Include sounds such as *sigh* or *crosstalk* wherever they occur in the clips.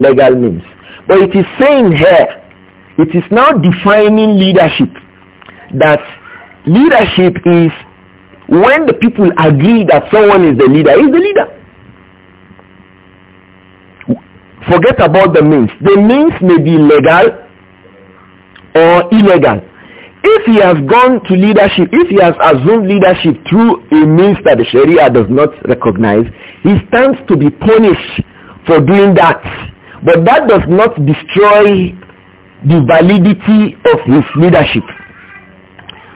legal means. But it is saying here, it is now defining leadership that leadership is when the people agree that someone is the leader, is the leader. Forget about the means. The means may be legal or illegal. If he has gone to leadership, if he has assumed leadership through a means that the Sharia does not recognize, he stands to be punished for doing that. But that does not destroy the validity of his leadership.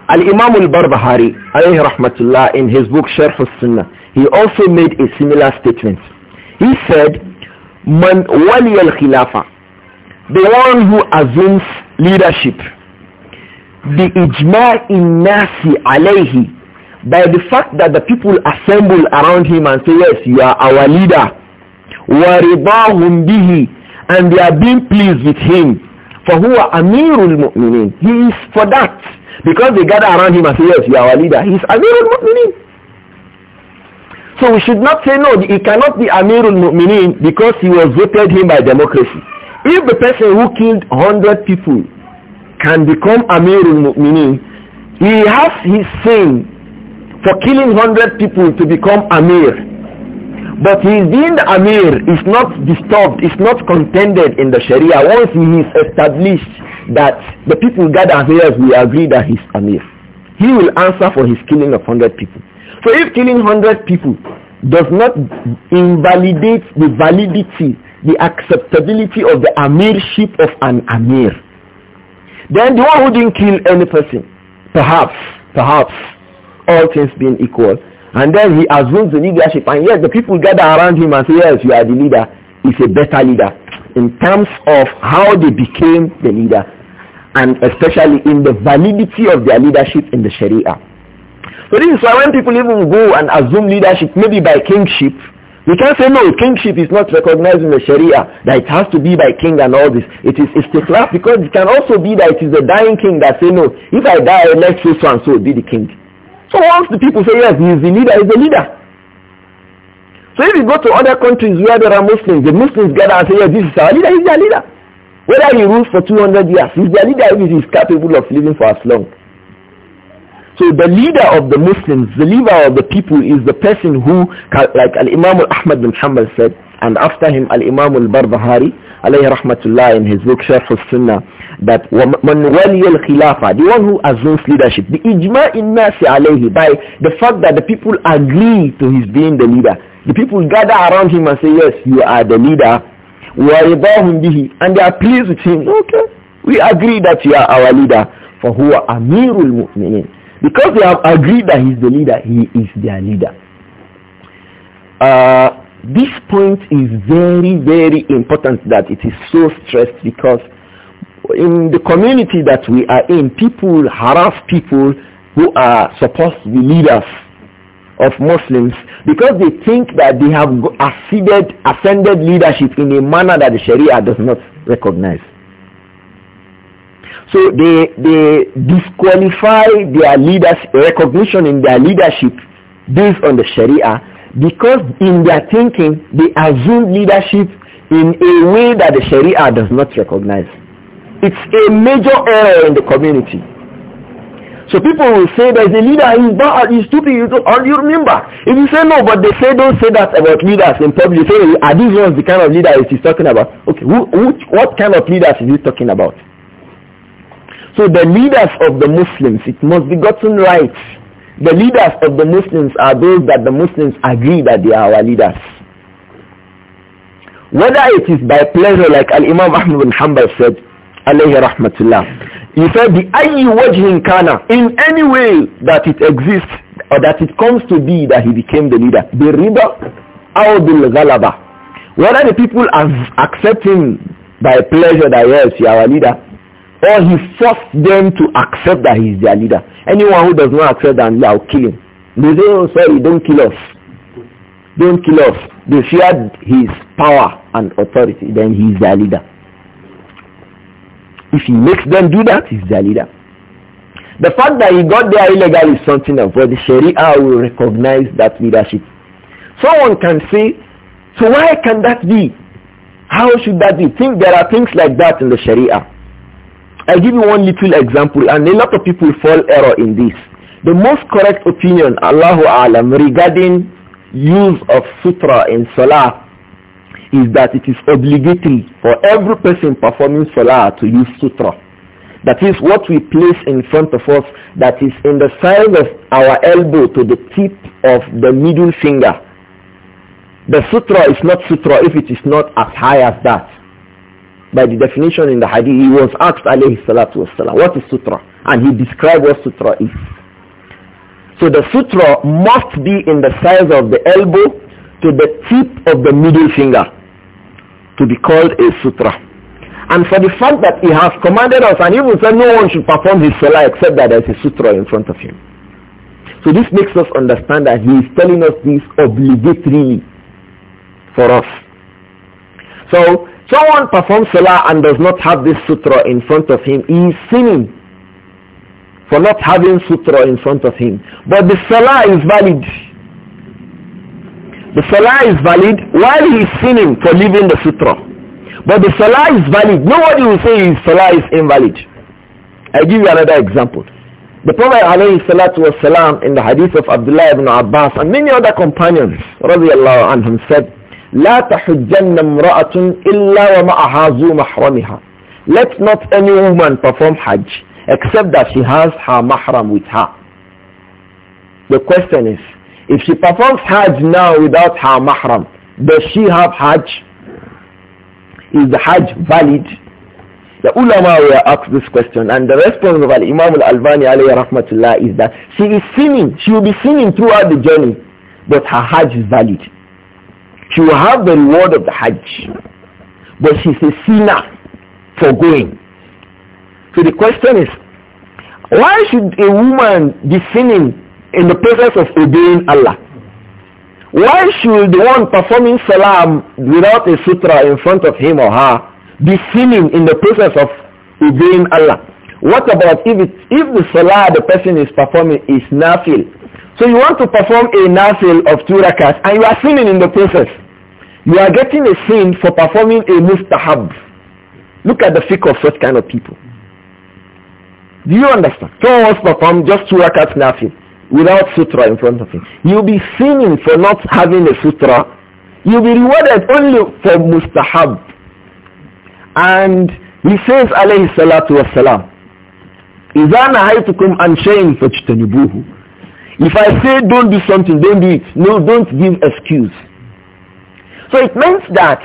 Al-Imam al-Barbahari, alayhi rahmatullah, in his book Sharh al-Sunnah, he also made a similar statement. He said, Man wali al-khilafa, the one who assumes leadership, the ijma' in nasi alayhi, by the fact that the people assemble around him and say, yes, you are our leader, وَرِضَاهُمْ bihi And they are being pleased with him. for who are Amirul Mu'minin? He is for that. Because they gather around him and say, yes, you are our leader. He is Amirul Mu'mineen. So we should not say no, he cannot be Amirul Mu'mineen because he was voted him by democracy. If the person who killed 100 people can become Amirul Mu'mineen, he has his sin for killing 100 people to become Amir. But his being the Amir is not disturbed, is not contended in the Sharia once he is established that the people gather here will agree that he's Amir. He will answer for his killing of 100 people. So if killing 100 people does not invalidate the validity, the acceptability of the Amirship of an Amir, then the one who didn't kill any person, perhaps, perhaps, all things being equal, and then he assumes the leadership. And yet the people gather around him and say, yes, you are the leader. He's a better leader in terms of how they became the leader and especially in the validity of their leadership in the Sharia. So this is why when people even go and assume leadership, maybe by kingship, we can say no, kingship is not recognized in the Sharia, that it has to be by king and all this. It is istiklaf because it can also be that it is the dying king that say no, if I die, let so, so and so be the king. So once the people say, yes, he is the leader, he's the leader. So if you go to other countries where there are Muslims, the Muslims gather and say, yes, this is our leader, he's their leader. Whether he rules for 200 years, he's their leader if he is capable of living for as long. So the leader of the Muslims, the leader of the people is the person who, like Al-Imam Ahmad bin Hanbal said, and after him Al-Imam Al-Barbahari, alayhi rahmatullah in his book Sharh Sunnah, that man waliyal khilafa, the one who assumes leadership, the ijma in nasi alayhi, by the fact that the people agree to his being the leader. The people gather around him and say, yes, you are the leader. وَرِضَاهُمْ بِهِ And they are pleased with him. Okay, we agree that you are our leader. For who are amirul mu'minin. Because they have agreed that he's the leader, he is their leader. Uh, this point is very, very important that it is so stressed because in the community that we are in, people harass people who are supposed to be leaders of Muslims because they think that they have ascended, ascended leadership in a manner that the Sharia does not recognize. So they, they disqualify their leaders, recognition in their leadership based on the Sharia because in their thinking they assume leadership in a way that the Sharia does not recognize. It's a major error in the community. So people will say there's a leader, he's bad, he's stupid, you don't, you remember. If you say no, but they say don't say that about leaders in public, you say, are these ones the kind of leader he's talking about? Okay, who, what kind of leaders is he talking about? So the leaders of the Muslims, it must be gotten right. The leaders of the Muslims are those that the Muslims agree that they are our leaders. Whether it is by pleasure, like Al-Imam Ahmad bin Hanbal said, alayhi rahmatullah. He said, the ayyi wajhin kana, in any way that it exists or that it comes to be that he became the leader, the leader al the ghalaba. Whether the people are accepting by pleasure that yes, you are our leader, or he forced them to accept that he is their leader. Anyone who does not accept that, I will kill him. They say, oh, sorry, don't kill us. Don't kill us. They feared his power and authority. Then he is their leader. If he makes them do that, he's their leader. The fact that he got there illegally is something else, but the Sharia will recognize that leadership. Someone can say, so why can that be? How should that be? Think there are things like that in the Sharia. I give you one little example, and a lot of people fall error in this. The most correct opinion, Allahu Alam, regarding use of sutra in Salah is that it is obligatory for every person performing salah to use sutra. That is what we place in front of us that is in the size of our elbow to the tip of the middle finger. The sutra is not sutra if it is not as high as that. By the definition in the hadith, he was asked alayhi salatu wasalam, what is sutra? And he described what sutra is. So the sutra must be in the size of the elbow to the tip of the middle finger to be called a sutra. And for the fact that he has commanded us and even said no one should perform his salah except that there is a sutra in front of him. So this makes us understand that he is telling us this obligatorily for us. So someone performs salah and does not have this sutra in front of him, he is sinning for not having sutra in front of him. But the salah is valid. The salah is valid while he is sinning for leaving the sutra. But the salah is valid. Nobody will say his salah is invalid. I give you another example. The Prophet alayhi salatu wasalam in the hadith of Abdullah ibn Abbas and many other companions radiallahu anhum said, لا تحجن امرأة إلا ومعها ذو محرمها. Let not any woman perform Hajj except that she has her mahram with her. The question is, if she performs Hajj now without her mahram, does she have Hajj? Is the Hajj valid? The ulama were asked this question and the response of al Imam al-Albani alayhi rahmatullah is that she is sinning, she will be sinning throughout the journey, but her Hajj is valid. She will have the reward of the Hajj, but she's a sinner for going. So the question is, why should a woman be sinning in the process of obeying Allah. Why should the one performing salam without a sutra in front of him or her be sinning in the process of obeying Allah? What about if, it, if the salah the person is performing is nafil? So you want to perform a nafil of two rakats and you are sinning in the process. You are getting a sin for performing a mustahab. Look at the fiqh of such kind of people. Do you understand? Someone wants to perform just two rakats nafil without sutra in front of him. You'll be sinning for not having a sutra. You'll be rewarded only for mustahab. And he says, alayhi salatu wassalam, إِذَا نَهَيْتُكُمْ عَنْ شَيْءٍ فَاجْتَنِبُوهُ If I say don't do something, don't do it. No, don't give excuse. So it means that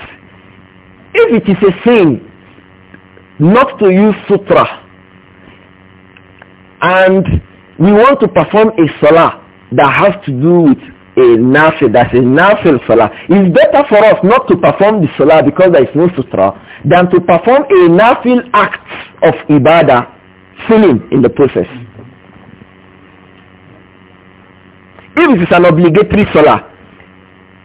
if it is a sin not to use sutra and we want to perform a salah that has to do with a nafil, that's a nafil salah. It's better for us not to perform the salah because there is no sutra than to perform a nafil act of ibadah, sinning in the process. If it is an obligatory salah,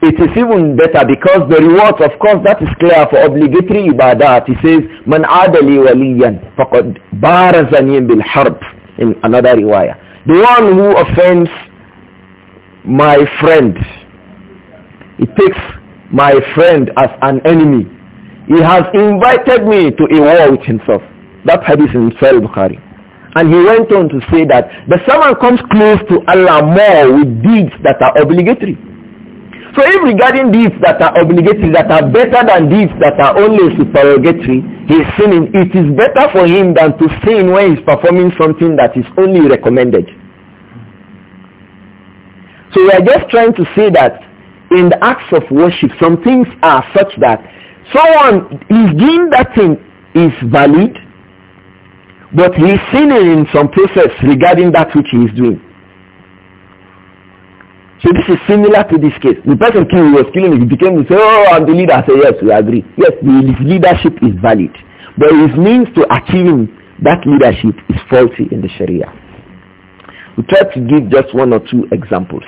it is even better because the rewards, of course, that is clear for obligatory ibadah. He says, "Man adali waliyan faqad barazaniyin bil harb." In another riwayah, the one who offends my friend, he takes my friend as an enemy. He has invited me to a war with himself. That hadith in Sahih Bukhari. And he went on to say that the servant comes close to Allah more with deeds that are obligatory. So if regarding deeds that are obligatory, that are better than deeds that are only supererogatory, he is sinning, it is better for him than to sin when he is performing something that is only recommended. So we are just trying to say that in the acts of worship, some things are such that someone is doing that thing is valid, but he is sinning in some process regarding that which he is doing. So this is similar to this case. The person who was killing, he became, to say, oh, I'm the leader. I say, yes, we agree. Yes, his leadership is valid. But his means to achieving that leadership is faulty in the Sharia. We try to give just one or two examples.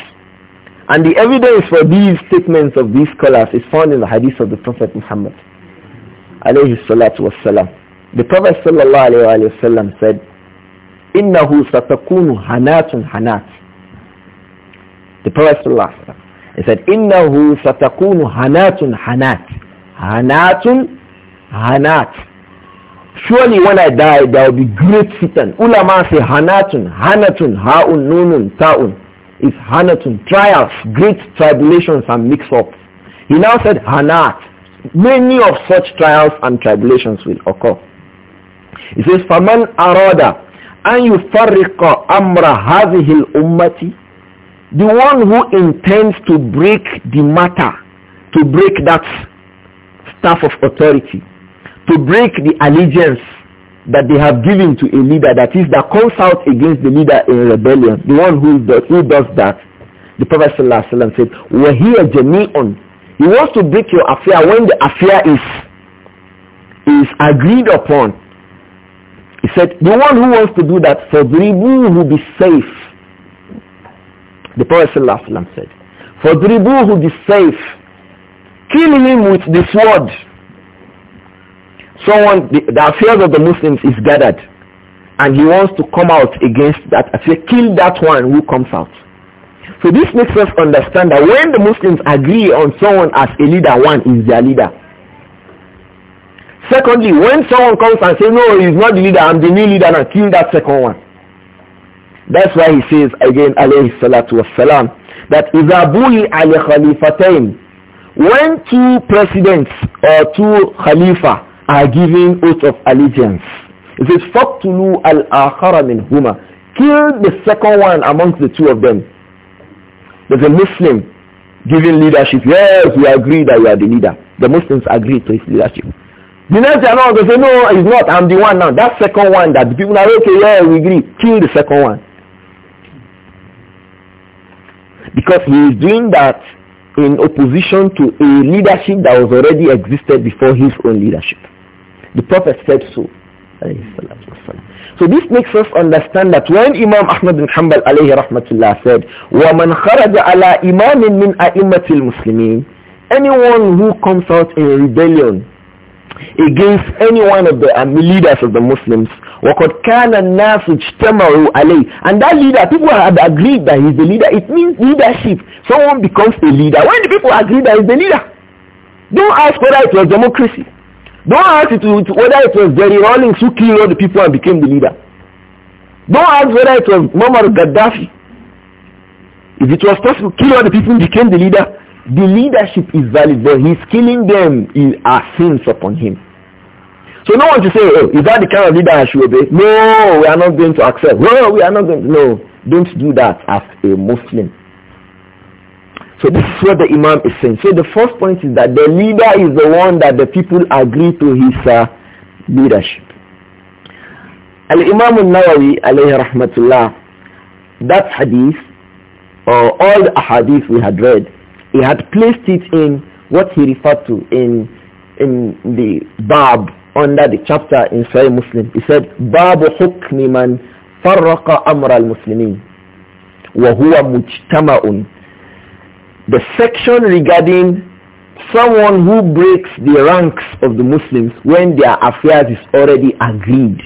And the evidence for these statements of these scholars is found in the hadith of the Prophet Muhammad. Alayhi salatu wassalam. The Prophet sallallahu alayhi wa sallam said, إِنَّهُ سَتَكُونُ هَنَاتٌ هَنَاتٌ the Prophet sallallahu he said, إِنَّهُ سَتَكُونُ hanatun hanat, hanatun hanat." Surely when I die, there will be great fitan. Ulama say hanatun, hanatun, haun, nunun, taun. It's hanatun, trials, great tribulations and mix-ups. He now said hanat. Many of such trials and tribulations will occur. He says, فَمَنْ an أَنْ يُفَرِّقَ أَمْرَ هَذِهِ الْأُمَّةِ the one who intends to break the matter, to break that staff of authority, to break the allegiance that they have given to a leader that is that comes out against the leader in rebellion, the one who does, who does that, the Prophet ﷺ said, "We're here, on. He wants to break your affair when the affair is is agreed upon. He said, the one who wants to do that, for who will be safe. The Prophet ﷺ said, For Dribuhu the safe, kill him with the sword. Someone, the, the affairs of the Muslims is gathered and he wants to come out against that. I say, kill that one who comes out. So this makes us understand that when the Muslims agree on someone as a leader, one is their leader. Secondly, when someone comes and says, no, he's not the leader, I'm the new leader, and kill that second one. That's why he says again, alayhi salatu wassalam, that إِذَا بُوِي عَلَى When two presidents or two khalifa are giving oath of allegiance, it says, al الْآخَرَ huma, Kill the second one amongst the two of them. There's a Muslim giving leadership. Yes, we agree that you are the leader. The Muslims agree to his leadership. The next day, no, they say, no, it's not. I'm the one now. That second one that the people are, okay, yeah, we agree. Kill the second one. Because he is doing that in opposition to a leadership that was already existed before his own leadership. The Prophet said so. So this makes us understand that when Imam Ahmad bin Hanbal alayhi rahmatullah said, وَمَنْ خَرَجَ عَلَى إِمَامٍ مِنْ أَئِمَّةِ الْمُسْلِمِينَ Anyone who comes out in rebellion against any one of the um, leaders of the Muslims. And that leader, people have agreed that he's the leader. It means leadership. Someone becomes a leader. When the people agree that he's the leader, don't ask whether it was democracy. Don't ask it whether it was Jerry Rawlings who killed all the people and became the leader. Don't ask whether it was Muammar Gaddafi. If it was possible, kill all the people and became the leader. The leadership is valid, but he's killing them he, are sins upon him. So no one to say, oh, is that the kind of leader I should obey? No, we are not going to accept. No, we are not going to. No, don't do that as a Muslim. So this is what the Imam is saying. So the first point is that the leader is the one that the people agree to his uh, leadership. Al-Imam al-Nawawi alayhi rahmatullah, that hadith, or all the hadith we had read, he had placed it in what he referred to in in the bab under the chapter in Sahih Muslim. He said, "Bab hukmi man farraqa amra al-muslimin wa huwa mujtama'un." The section regarding someone who breaks the ranks of the Muslims when their affairs is already agreed.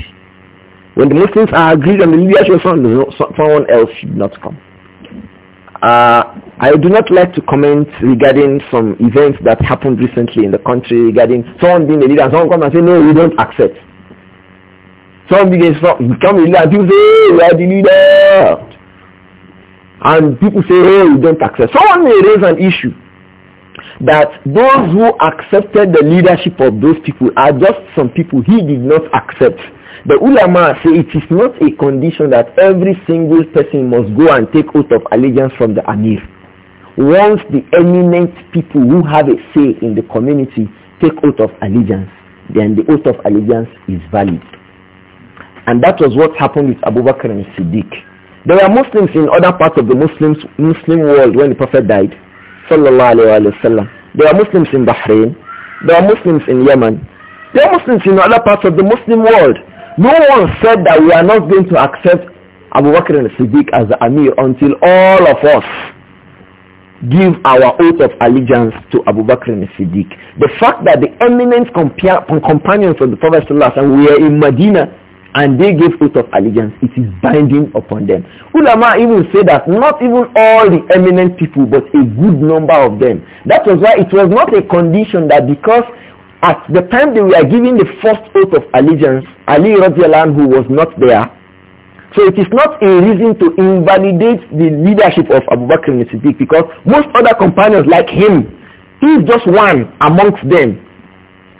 When the Muslims are agreed on the leadership of someone else should not come. Uh, I do not like to comment regarding some events that happened recently in the country regarding someone being a leader and someone come and say, no, we don't accept. Someone begins to become a leader and people say, hey, we are the leader. And people say, hey, we don't accept. Someone may raise an issue that those who accepted the leadership of those people are just some people he did not accept. The ulama say it is not a condition that every single person must go and take oath of allegiance from the Amir. Once the eminent people who have a say in the community take oath of allegiance, then the oath of allegiance is valid. And that was what happened with Abu Bakr and Siddiq. There were Muslims in other parts of the Muslims, Muslim world when the Prophet died. There were Muslims in Bahrain. There were Muslims in Yemen. There were Muslims in other parts of the Muslim world. No one said that we are not going to accept Abu Bakr al-Siddiq as the Amir until all of us give our oath of allegiance to Abu Bakr al-Siddiq. The fact that the eminent companions of the Prophet and we were in Medina and they gave oath of allegiance, it is binding upon them. Ulama even say that not even all the eminent people, but a good number of them. That was why it was not a condition that because at the time they were giving the first oath of allegiance, Ali radiallahu who was not there. So it is not a reason to invalidate the leadership of Abu Bakr al-Siddiq because most other companions like him, he is just one amongst them.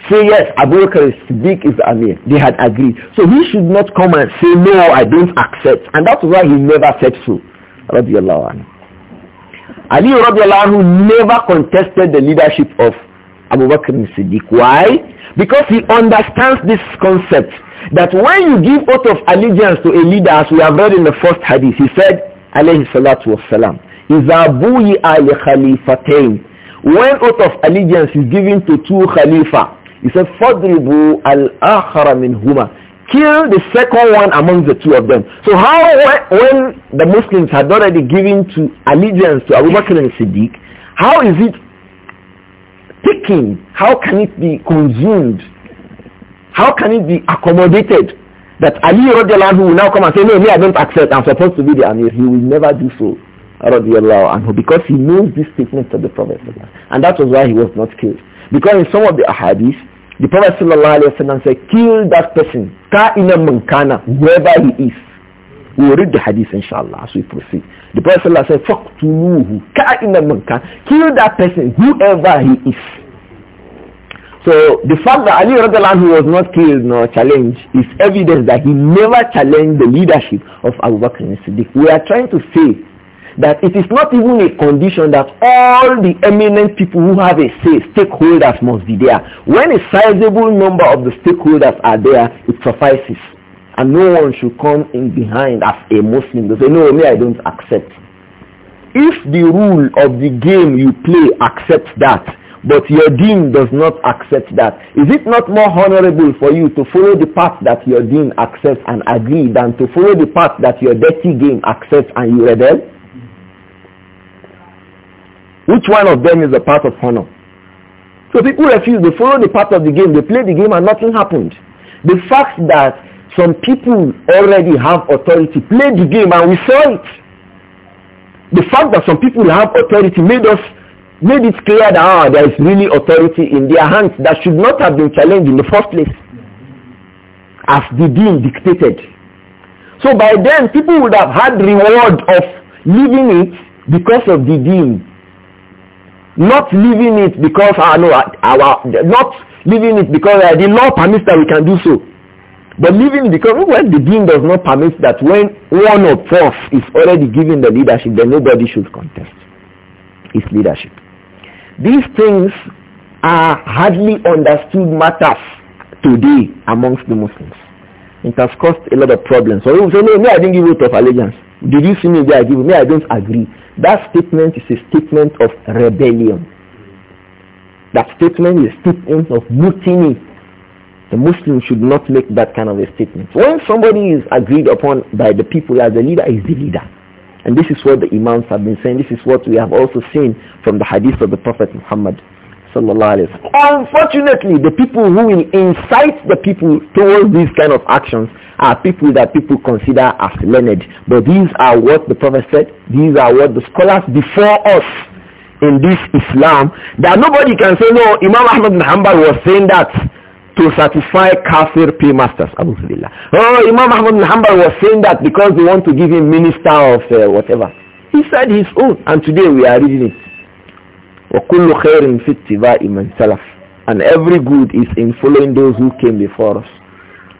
Say yes, Abu Bakr al-Siddiq is the Amir. They had agreed. So he should not come and say no, I don't accept. And that's why he never said so. Radiallahu anhu. Ali radiallahu never contested the leadership of Abu Bakr Siddiq. Why? Because he understands this concept that when you give oath of allegiance to a leader, as we have read in the first hadith, he said, alayhi salatu wasalam, When oath of allegiance is given to two khalifa, he said, fadribu al-akhara minhuma. Kill the second one among the two of them. So how, when the Muslims had already given to allegiance to Abu Bakr and Siddiq, how is it taken? How can it be consumed? How can it be accommodated? That Ali radiallahu will now come and say, no, me, I don't accept. I'm supposed to be the Amir. He will never do so. Radiallahu anhu. Because he knows this statement of the Prophet. And that was why he was not killed. Because in some of the ahadith, the Prophet sallallahu alayhi wa sallam said, kill that person. Ka'ina mankana. Whoever he is. We will read the hadith inshallah as we proceed. The Prophet sallallahu alayhi wa sallam said, فَقْتُلُوهُ كَأَئِنَا Kill that person, whoever he is. So the fact that Ali who was not killed nor challenged is evidence that he never challenged the leadership of Abu Bakr and Siddiq. We are trying to say that it is not even a condition that all the eminent people who have a say, stakeholders must be there. When a sizable number of the stakeholders are there, it suffices. And no one should come in behind as a Muslim. to say, no, me, I don't accept. If the rule of the game you play accepts that, but your dean does not accept that. Is it not more honorable for you to follow the path that your dean accepts and agree than to follow the path that your dirty game accepts and you rebel? Which one of them is the path of honor? So people refuse. They follow the path of the game. They play the game and nothing happened. The fact that some people already have authority played the game and we saw it. The fact that some people have authority made us made it clear that ah, there is really authority in their hands that should not have been challenged in the first place as the dean dictated. So by then people would have had reward of leaving it because of the dean, Not leaving it because ah, no, our, not leaving it because uh, the law permits that we can do so. But leaving because when the dean does not permit that when one of us is already given the leadership, then nobody should contest his leadership. These things are hardly understood matters today amongst the Muslims. It has caused a lot of problems. So you say, no, me, I didn't give oath of allegiance. Did you see me there? I give. Me, I don't agree. That statement is a statement of rebellion. That statement is a statement of mutiny. The Muslim should not make that kind of a statement. When somebody is agreed upon by the people as a leader, is the leader. And this is what the Imams have been saying. This is what we have also seen from the hadith of the Prophet Muhammad. Unfortunately, the people who will incite the people towards these kind of actions are people that people consider as learned. But these are what the Prophet said. These are what the scholars before us in this Islam, that nobody can say, no, Imam Ahmad Muhammad was saying that to satisfy kafir paymasters. masters. Oh, Imam Ahmad bin Hanbal was saying that because they want to give him minister of uh, whatever. He said his own, and today we are reading it. وَكُلُّ خَيْرٍ فِي اتِّبَاءِ مَنْ سَلَفٍ And every good is in following those who came before us.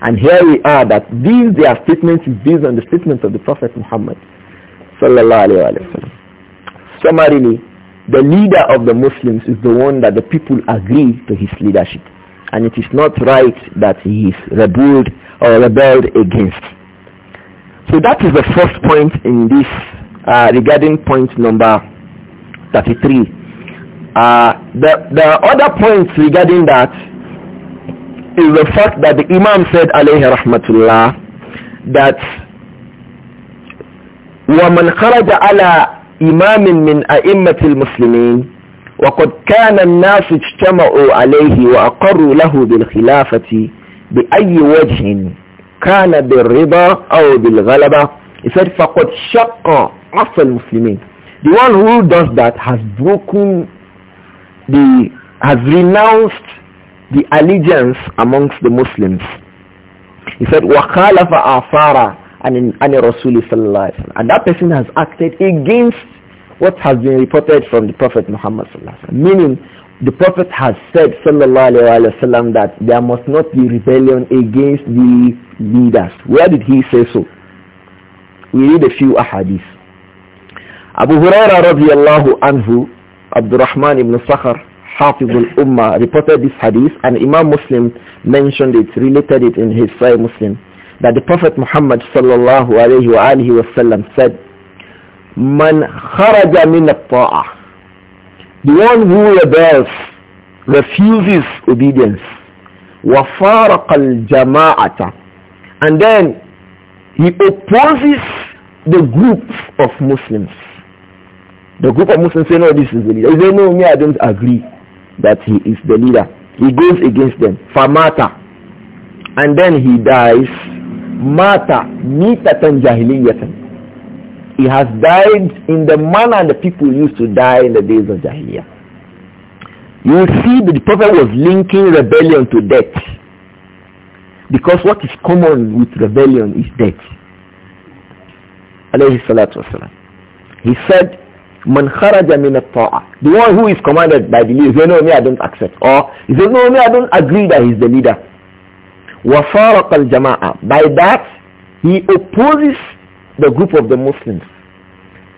And here we are that these their statements is based on the statements of the Prophet Muhammad sallallahu alaihi Summarily, the leader of the Muslims is the one that the people agree to his leadership and it is not right that he is rebelled or rebelled against. So that is the first point in this uh, regarding point number 33. Uh, the, the other point regarding that is the fact that the Imam said alayhi rahmatullah that وَمَنْ خَرَجَ عَلَى إِمَامٍ مِنْ أَئِمَّةِ الْمُسْلِمِينَ وقد كان الناس اجتمعوا عليه وأقروا له بالخلافة بأي وجه كان بالرضا أو بالغلبة He said فقد شق عصى المسلمين The one who does that has broken the has renounced the allegiance amongst the Muslims. He said وخالف آثار عن الرسول صلى الله عليه وسلم and that person has acted against what has been reported from the Prophet Muhammad meaning the Prophet has said sallallahu that there must not be rebellion against the leaders. Where did he say so? We read a few hadiths. Abu Huraira radiallahu anhu, Abdurrahman ibn Sakhar, Hafiz al-Ummah, reported this hadith and Imam Muslim mentioned it, related it in his Sahih Muslim, that the Prophet Muhammad sallallahu alaihi wasallam said, Man kharaja min ta'ah. The one who rebels, refuses obedience. wa al jama'ata, And then he opposes the group of Muslims. The group of Muslims say, no, this is the leader. They say, no, me, I don't agree that he is the leader. He goes against them. Famata. And then he dies. Mata. Mitatan jahiliyatan he has died in the manner the people used to die in the days of Jahiliyyah. You will see that the Prophet was linking rebellion to death. Because what is common with rebellion is death. Alayhi salatu wasalam. He said, Man kharaja min The one who is commanded by the leader, no, me, I don't accept. Or, he says, no, me, I don't agree that he's the leader. al-jama'a. By that, he opposes the group of the Muslims.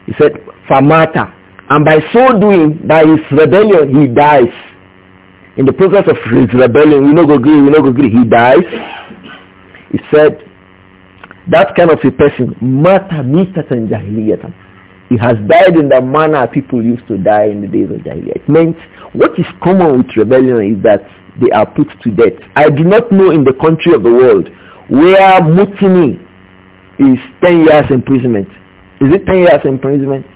He said, Famata. And by so doing, by his rebellion, he dies. In the process of his rebellion, we no go agree, we no go agree, he dies. He said, that kind of a person, Mata Mitatan Jahiliyatan. He has died in the manner people used to die in the days of Jahiliyat. It meant what is common with rebellion is that they are put to death. I do not know in the country of the world where mutiny is 10 years imprisonment. Is it 10 years imprisonment?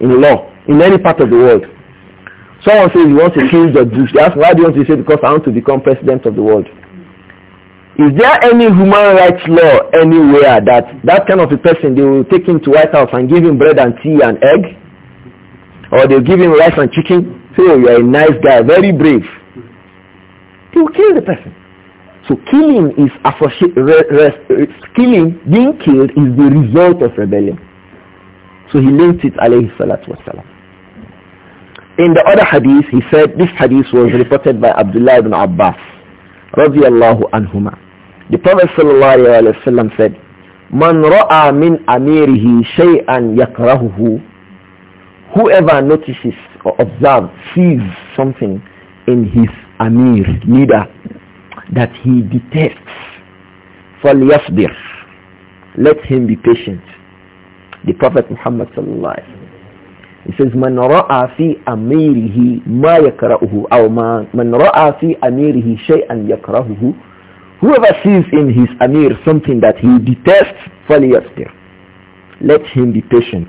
In law, in any part of the world. Someone says he wants to kill the Jews. They ask, why do you want to say, because I want to become president of the world. Is there any human rights law anywhere that that kind of a person, they will take him to White House and give him bread and tea and egg? Or they'll give him rice and chicken? Say, oh, you're a nice guy, very brave. They will kill the person. So killing is killing, being killed is the result of rebellion. So he linked it alayhi salatu wasalam. In the other hadith, he said this hadith was reported by Abdullah ibn Abbas radiyallahu anhuma. The Prophet sallallahu alayhi wasallam said, Man ra'a min amirihi shay'an yakrahuhu. Whoever notices or observes, sees something in his amir, leader, that he detests. فَلْيَصْبِرْ Let him be patient. The Prophet Muhammad sallallahu alaihi wasallam. He says, مَنْ رَأَى فِي أَمِيرِهِ مَا يَكْرَأُهُ أَوْ مَنْ رَأَى فِي أَمِيرِهِ شَيْئًا يَكْرَهُهُ Whoever sees in his Amir something that he detests, فَلْيَصْبِرْ Let him be patient.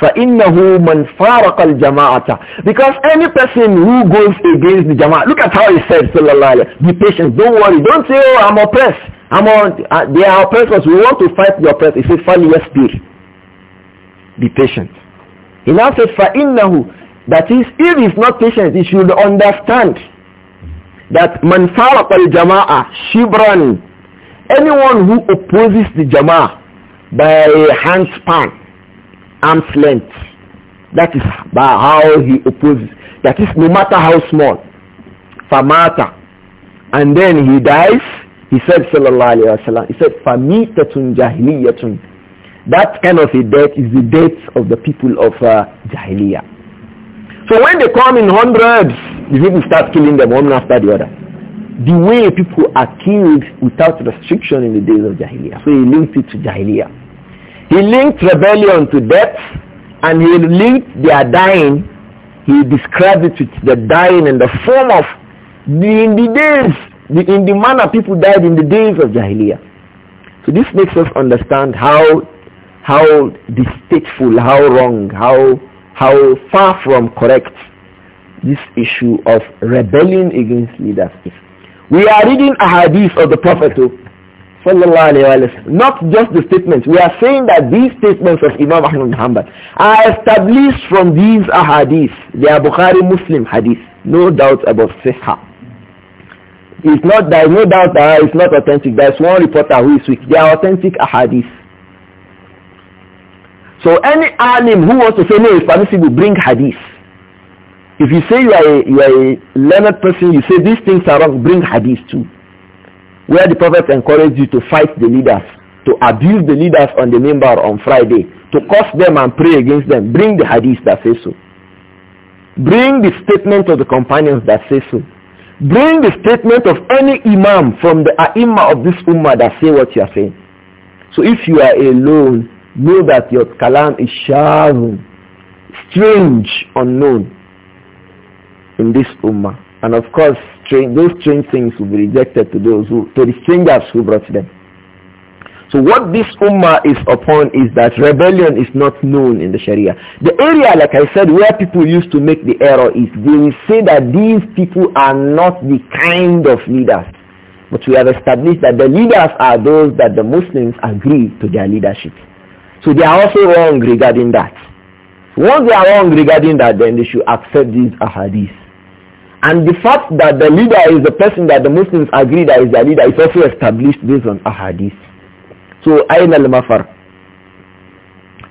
فَإِنَّهُ مَنْ فَارَقَ الْجَمَاعَةَ Because any person who goes against the jama'ah, look at how he said, sallallahu alayhi be patient, don't worry, don't say, oh, I'm oppressed. I'm on, uh, they are oppressors, we want to fight the oppressed. He says, فَلْيَسْبِرْ Be patient. He now says, فَإِنَّهُ That is, if he's not patient, he should understand that man faraq al-jama'ah shibran anyone who opposes the jama'ah by handspan arm's length. That is by how he opposes. That is no matter how small. Famata. And then he dies. He said, sallallahu alayhi wasallam." he said, famitatun jahiliyatun. That kind of a death is the death of the people of uh, Jahiliyyah. So when they come in hundreds, the people start killing them one after the other. The way people are killed without restriction in the days of Jahiliyyah. So he linked it to Jahiliyyah. He linked rebellion to death and he linked their dying. He described it with the dying in the form of the, in the days, the, in the manner people died in the days of Jahiliyyah. So this makes us understand how how distasteful, how wrong, how how far from correct this issue of rebelling against leaders is. We are reading a hadith of the Prophet. Not just the statements. We are saying that these statements of Imam Ahmad are established from these ahadith. They are Bukhari Muslim hadith. No doubt about Sihha. It's not, there is no doubt that it's not authentic. There is one reporter who is weak. They are authentic ahadith. So any alim who wants to say no, it's permissible, bring hadith. If you say you are, a, you are a learned person, you say these things are wrong, bring hadith too where the prophet encouraged you to fight the leaders, to abuse the leaders on the member on Friday, to curse them and pray against them. Bring the hadith that says so. Bring the statement of the companions that says so. Bring the statement of any imam from the ai of this ummah that say what you are saying. So if you are alone, know that your kalam is shahun, strange, unknown in this ummah. And of course, strange, those strange things will be rejected to those who, to the strangers who brought them. So what this ummah is upon is that rebellion is not known in the Sharia. The area, like I said, where people used to make the error is they will say that these people are not the kind of leaders. But we have established that the leaders are those that the Muslims agree to their leadership. So they are also wrong regarding that. once they are wrong regarding that, then they should accept these ahadith. And the fact that the leader is the person that the Muslims agree that is their leader is also established based on ahadith. So ayn al mafar.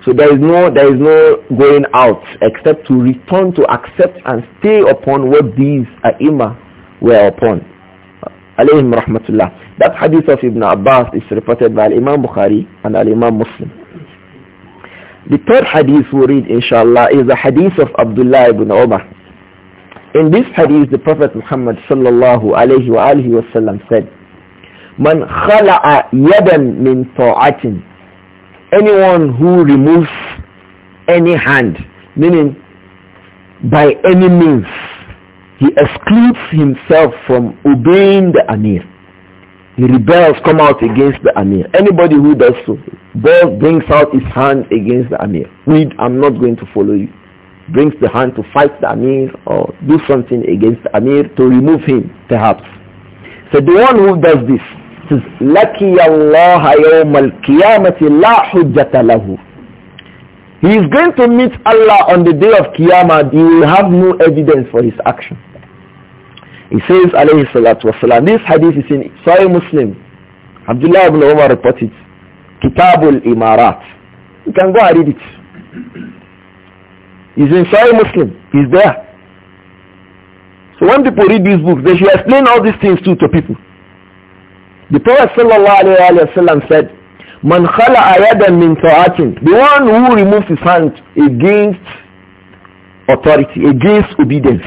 So there is no there is no going out except to return to accept and stay upon what these ai were upon. Alayhim rahmatullah. That hadith of Ibn Abbas is reported by Imam Bukhari and Imam Muslim. The third hadith we read inshallah is the hadith of Abdullah ibn Omar. In this hadith, the Prophet Muhammad sallallahu alayhi wa wasallam said, "Man khala'a yadan min ta'atin." Anyone who removes any hand, meaning by any means, he excludes himself from obeying the Amir. He rebels, come out against the Amir. Anybody who does so, both brings out his hand against the Amir. We, I'm not going to follow you brings the hand to fight the Amir or do something against the Amir to remove him, perhaps. So the one who does this says, لَكِيَ اللَّهَ يَوْمَ الْقِيَامَةِ لَا حُجَّةَ لَهُ He is going to meet Allah on the day of Qiyamah. He will have no evidence for his action. He says, alayhi salatu wasalam, this hadith is in Sahih Muslim. Abdullah ibn Umar reported, Kitabul Imarat. You can go and read it. He's inside Sahih Muslim. He's there. So when people read these books, they should explain all these things too to people. The Prophet sallallahu said, Man khala ayadan min ta'atin. The one who removes his hand against authority, against obedience.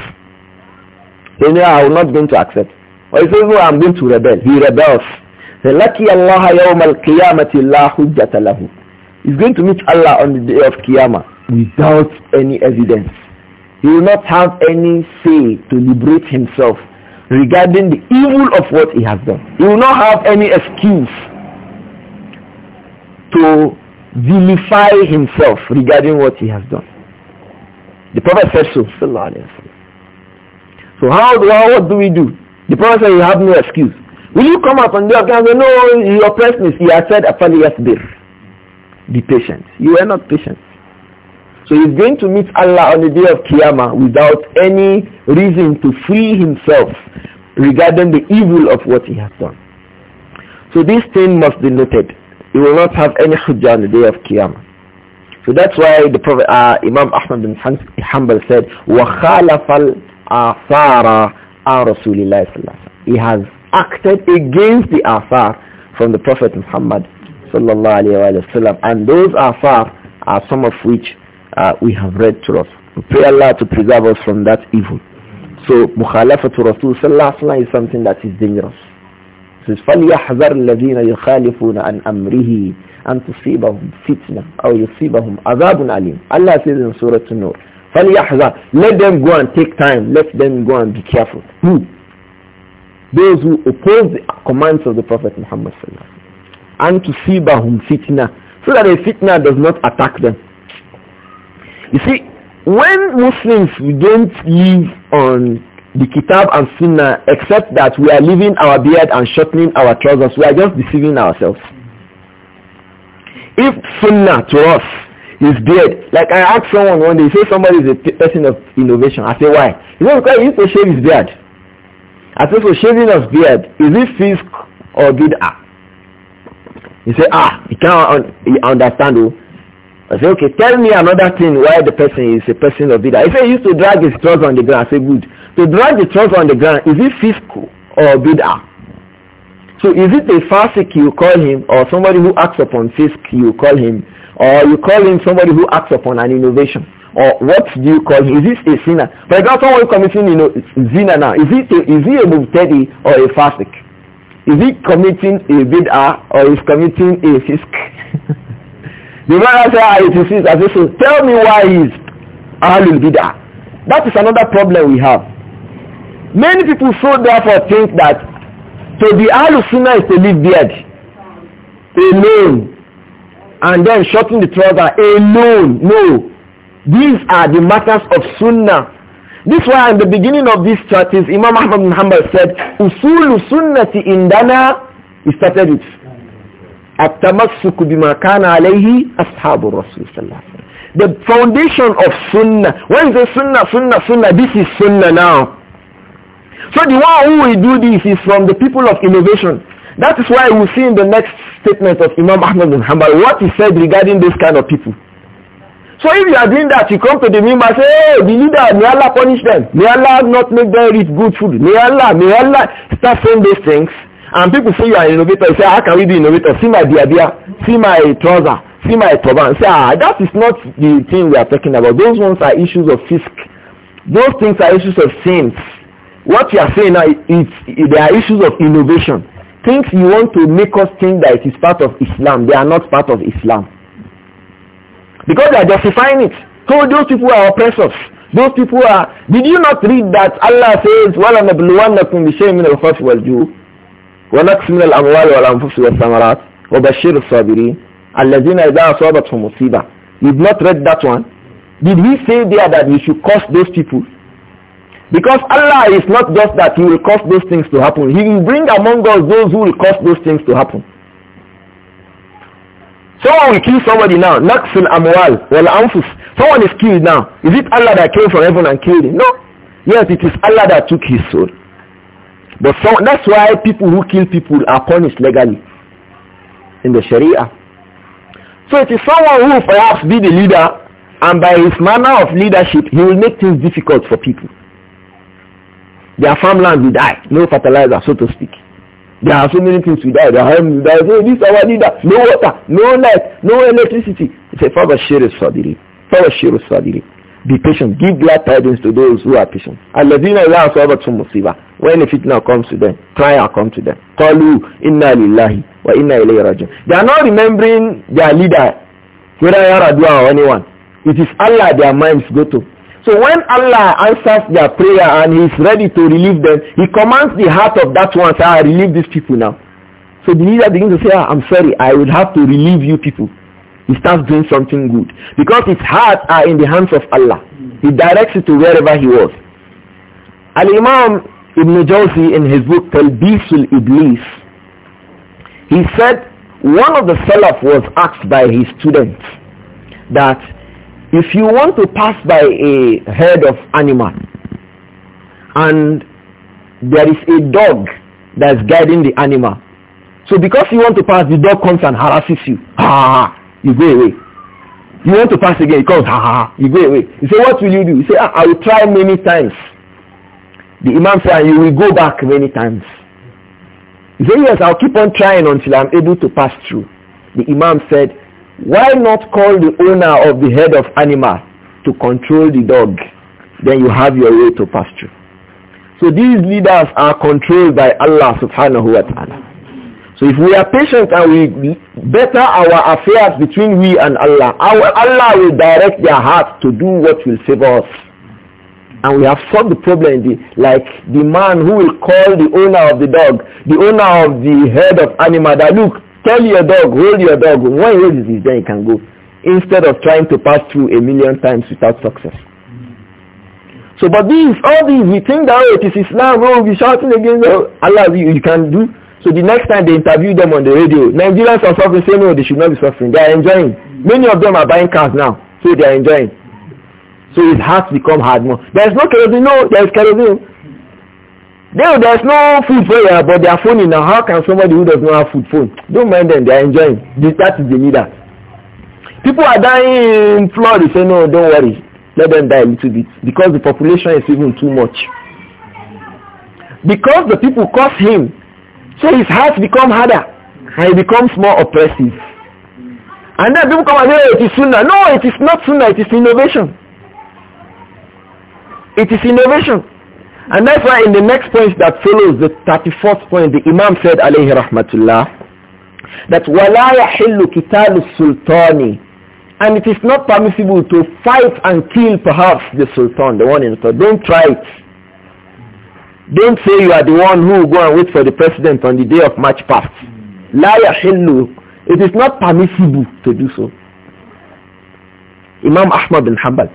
Then I am not going to accept. Or he says, no, I'm going to rebel. He rebels. lucky Allah يَوْمَ الْقِيَامَةِ لَا حُجَّةَ لَهُ He's going to meet Allah on the day of Qiyamah without any evidence. He will not have any say to liberate himself regarding the evil of what he has done. He will not have any excuse to vilify himself regarding what he has done. The Prophet said so. So how do how, what do we do? The Prophet said you have no excuse. Will you come out on the and say, no, you oppressed me. He had said, Be patient. You are not patient. So he's going to meet Allah on the day of Qiyamah without any reason to free himself regarding the evil of what he has done. So this thing must be noted. He will not have any hujjah on the day of Qiyamah. So that's why the Prophet, uh, Imam Ahmad bin Hanbal said, وَخَالَفَ الْآثَارَ عَنْ رَسُولِ اللَّهِ صَلَّى اللَّهِ He has acted against the afar from the Prophet Muhammad sallallahu alayhi wa sallam. And those afar are some of which uh, we have read to us. We pray Allah to preserve us from that evil. So mukhalafatu Rasul sallallahu is something that is dangerous. It says فَلْيَحْذَرْ الَّذِينَ يُخَالِفُونَ عَنْ أَمْرِهِ أَنْ تُصِيبَهُمْ فِتْنَةٌ أَوْ يُصِيبَهُمْ عَذَابٌ أَلِيمٌ Allah says in Surah An-Nur فَلْيَحْذَرْ Let them go and take time. Let them go and be careful. Who? Those who oppose the commands of the Prophet Muhammad sallallahu alaihi wasallam. أَنْ تُصِيبَهُمْ فِتْنَةٌ So that a fitna does not attack them. You see, when Muslims we don't live on the Kitab and Sunnah except that we are leaving our beard and shortening our trousers, we are just deceiving ourselves. If Sunnah to us is beard, like I asked someone one day, say somebody is a person of innovation. I say, why? He said, because he used to shave his beard. I said, so shaving of beard, is it fisk or bid'ah? He said, ah, he can't un- understand. Oh. I say, okay, tell me another thing why the person is a person of bidah. If he used to drag his trousers on the ground, I say, good. To drag the trousers on the ground, is it fiscal or bidah? So is it a fasik you call him or somebody who acts upon fisk you call him or you call him somebody who acts upon an innovation? Or what do you call him? Is this a sinner? For example, someone committing you know, zina now, is, it a, is he a mubtadi or a fasik? Is he committing a bid'ah or is committing a fisk? *laughs* The man said, ah, it is as as this. Tell me why is Ahlul That is another problem we have. Many people so therefore think that to be Ahlul Sunnah is to live dead alone and then shutting the trouser alone. No. These are the matters of Sunnah. This why in the beginning of this chapter, Imam Ahmad bin Hanbal said, Usulu Sunnati Indana, he started with at بما كان عليه أصحاب the foundation of sunnah what is the sunnah sunnah sunnah this is sunnah now so the one who will do this is from the people of innovation that is why we see in the next statement of Imam Ahmad bin Hanbal what he said regarding this kind of people so if you are doing that, you come to the member and say, hey, the leader, may Allah punish them. May Allah not make them eat good food. May Allah, may Allah. Start saying those things. And people say you are an innovator. You say, how can we be innovator? See my diabia, see my trouser, see my turban. Say, ah, that is not the thing we are talking about. Those ones are issues of fisk. Those things are issues of sins. What you are saying now, is they are issues of innovation. Things you want to make us think that it is part of Islam. They are not part of Islam. Because they are justifying it. So those people are oppressors. Those people are... Did you not read that Allah says, وَلَنَبْلُوَنَّكُمْ بِشَيْءٍ مِنَ الْخَوْفِ وَالْجُوءِ ونقص من الأموال والأنفس والثمرات وبشر الصابرين الذين إذا أصابتهم مصيبة did not read that one did he say there that we should curse those people because Allah is not just that he will cause those things to happen he will bring among us those who will cause those things to happen Someone will kill somebody now. Naqsul amwal wal anfus. Someone is killed now. Is it Allah that came from heaven and killed him? No. Yes, it is Allah that took his soul. But so that's why people who kill people are punished legally in the Sharia. So it is someone who perhaps be the leader and by his manner of leadership he will make things difficult for people. Their farmland will die, no fertilizer, so to speak. There are so many things we die. There are um, homes die. Oh, this is our leader. No water, no light, no electricity. It's a Father Shir Sadiri. Father Shir Sadiri. Be patient. Give glad tidings to those who are patient. Alladhina over to musiba. When the fitna comes to them, trial come to them. Qalu inna lillahi wa inna ilayhi rajim. They are not remembering their leader, whether Yaradua or anyone. It is Allah their minds go to. So when Allah answers their prayer and He is ready to relieve them, He commands the heart of that one, say, I ah, relieve these people now. So the leader begins to say, ah, I'm sorry, I will have to relieve you people he starts doing something good. Because his heart are in the hands of Allah. He directs it to wherever he was. Al-Imam Ibn Jawzi in his book Talbisul Iblis, he said one of the Salaf was asked by his students that if you want to pass by a herd of animals and there is a dog that is guiding the animal, so because you want to pass, the dog comes and harasses you you go away. You want to pass again, He comes, ha ha, you go away. He say, what will you do? He say, ah, I will try many times. The Imam said, you will go back many times. He say, yes, I'll keep on trying until I'm able to pass through. The Imam said, why not call the owner of the head of animal to control the dog? Then you have your way to pass through. So these leaders are controlled by Allah subhanahu wa ta'ala. So if we are patient and we better our affairs between we and Allah, our, Allah will direct their hearts to do what will save us. And we have solved the problem the, like the man who will call the owner of the dog, the owner of the head of animal that look, tell your dog, hold your dog. When he is his then he can go. Instead of trying to pass through a million times without success. So but these, all these, we think that oh, it is Islam, oh, we'll be shouting against oh, Allah, you, you can do so the next time they interview them on the radio, Nigerians are suffering, say no, they should not be suffering. They are enjoying. Many of them are buying cars now, so they are enjoying. So it has become hard more. There is no kerosene, no, there is kerosene. There, there is no food for you, but they are phoning now. How can somebody who does not have food phone? Don't mind them, they are enjoying. This, that is the leader. People are dying in flood, they say no, don't worry. Let them die a little bit because the population is even too much. Because the people cost him so his heart becomes harder and it becomes more oppressive. And then people come and say, oh, it is sunnah. No, it is not sunnah. It is innovation. It is innovation. And that's why in the next point that follows, the 34th point, the Imam said, alayhi rahmatullah, that وَلَا يَحِلُّ كِتَالُ السُّلْطَانِ And it is not permissible to fight and kill perhaps the sultan, the one in the Don't try it. Don't say you are the one who will go and wait for the president on the day of March past. hell no! It is not permissible to do so. Imam Ahmad bin Hanbal.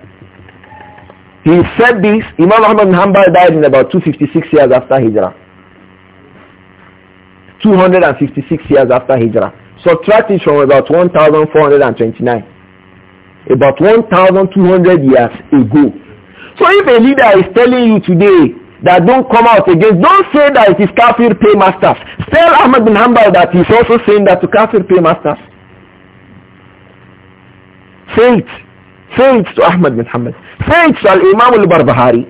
He said this. Imam Ahmad bin Hanbal died in about 256 years after Hijrah. 256 years after Hijrah. Subtract it from about 1,429. About 1,200 years ago. So if a leader is telling you today that don't come out against, don't say that it is kafir paymasters. Tell Ahmad bin Hanbal that he's also saying that to kafir paymasters. Say it. Say it to Ahmad bin Hanbal. Say it to imam al-Barbahari.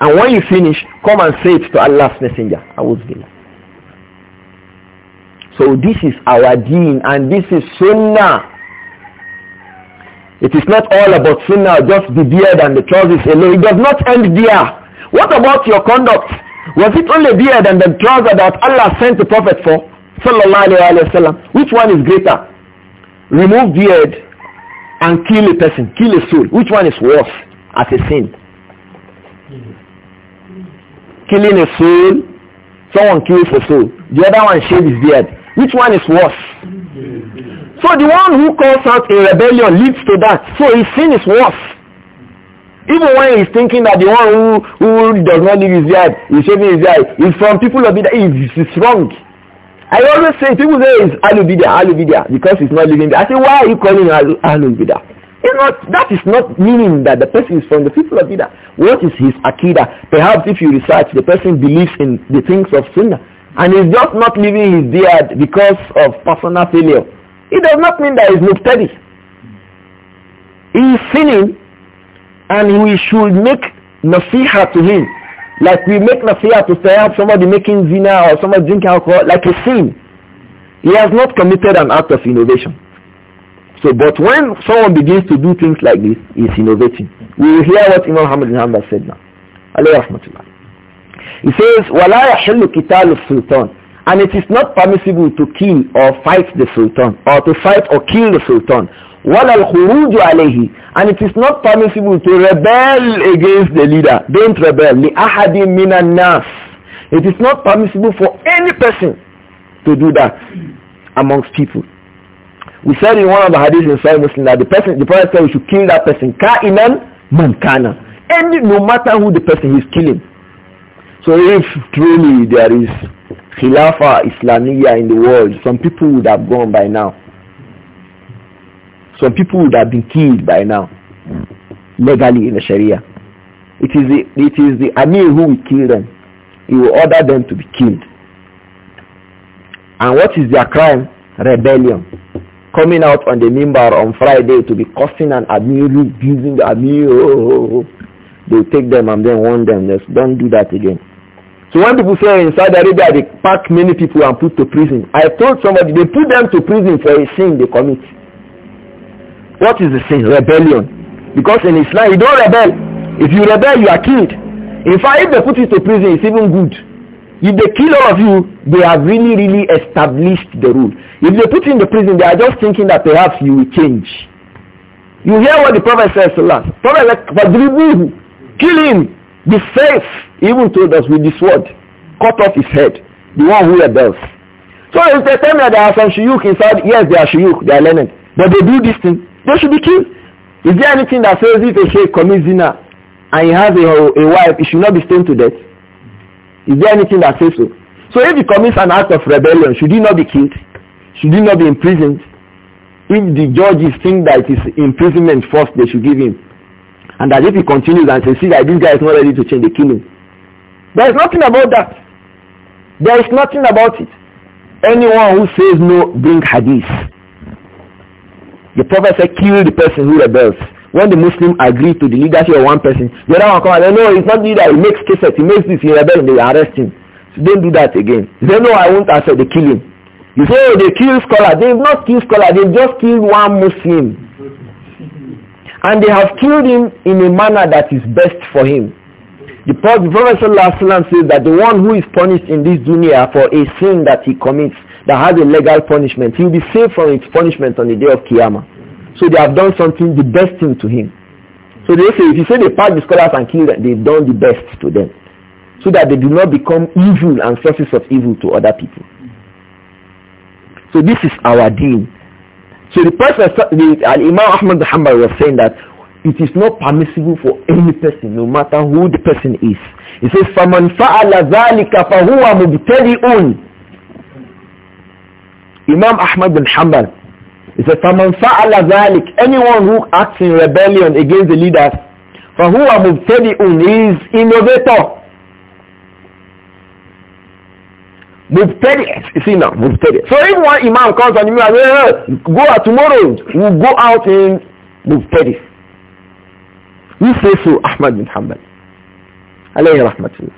And when you finish, come and say it to Allah's messenger. Awuzbillah. So this is our deen and this is sunnah. It is not all about sunnah, just the beard and the trousers alone. It does not end there. What about your conduct? Was it only beard and the trouser that Allah sent the Prophet for? Sallallahu alayhi wa Which one is greater? Remove beard and kill a person, kill a soul. Which one is worse as a sin? Killing a soul, someone kills a soul. The other one shaves his beard. Which one is worse? So the one who calls out a rebellion leads to that. So his sin is worse. Even when he's thinking that the one who, who does not leave his yard is shaving his yard is from people of Bida, it's, it's wrong. I always say, people say it's Alubidia, Alubidia, because he's not living there. I say, why are you calling Alu, You know that is not meaning that the person is from the people of Bida. What is his Akida? Perhaps if you research, the person believes in the things of Sunnah and he's just not leaving his beard because of personal failure. It does not mean that he's not steady. He's sinning and we should make nasiha to him. Like we make nasiha to say somebody making zina or somebody drinking alcohol like a sin. He has not committed an act of innovation. So, but when someone begins to do things like this, he's innovating. We will hear what Imam Ahmad bin Hanbal said now. He says, وَلَا يَحِلُّ كِتَالُ sultan," And it is not permissible to kill or fight the sultan, or to fight or kill the sultan wala al alayhi and it is not permissible to rebel against the leader don't rebel li ahadin minan nas it is not permissible for any person to do that amongst people we said in one of the hadiths in Sahih Muslim that the person the prophet said we should kill that person ka'inan mankana And no matter who the person is killing so if truly there is khilafa islamiyah in the world some people would have gone by now some people would have been killed by now, legally in the Sharia. It is the, it is the Amir who will kill them. He will order them to be killed. And what is their crime? Rebellion. Coming out on the mimbar on Friday to be cursing and Amir, abusing the Amir. Oh, oh, oh. They take them and then warn them, just don't do that again. So when people say in Saudi Arabia they pack many people and put to prison, I told somebody they put them to prison for a sin they commit. What is the sin? Rebellion. Because in Islam, you don't rebel. If you rebel, you are killed. In fact, if they put you to prison, it's even good. If they kill all of you, they have really, really established the rule. If they put you in the prison, they are just thinking that perhaps you will change. You hear what the Prophet says to last. Prophet like, kill him, be safe. even told us with this word, cut off his head, the one who rebels. So if they tell me that there are some shiuk inside, yes, they are shiuk. they are learned. But they do this thing. They should be killed. Is there anything that says if a sheikh commits zina and he has a, a wife, he should not be stoned to death? Is there anything that says so? So if he commits an act of rebellion, should he not be killed? Should he not be imprisoned? If the judges think that it is imprisonment first, they should give him. And that if he continues and they see that this guy is not ready to change, they kill him. There is nothing about that. There is nothing about it. Anyone who says no, bring hadith. The Prophet said, kill the person who rebels. When the Muslim agree to the leadership of one person, the other one come and say, no, it's not leader, he makes cases, he makes this, he rebels, they arrest him. So don't do that again. They know I won't answer, they kill him. You say, oh, they kill scholar. They've not killed scholar, they've just killed one Muslim. And they have killed him in a manner that is best for him. The Prophet says that the one who is punished in this dunya for a sin that he commits that has a legal punishment, he will be saved from its punishment on the day of Qiyamah. So they have done something, the best thing to him. So they say, if you say they pass the scholars and kill them, they've done the best to them. So that they do not become evil and sources of evil to other people. So this is our deen. So the person, the, Imam Ahmad Hanbal was saying that it is not permissible for any person, no matter who the person is. He says, فَمَنْ فَعَلَ ذَلِكَ فَهُوَ مُبْتَدِئٌ Imam Ahmad bin Hanbal, he said, فَمَنْ فَعَلَ ذَلِكَ Anyone who acts in rebellion against the leaders, فَهُوَ مُبْتَدِئٌ is innovator. Mubtadi, you see now, Mubtadi. So if one imam comes and you say, go out tomorrow, we'll go out in Mubtadi. We say so, Ahmad bin Hanbal. Alayhi rahmatullah.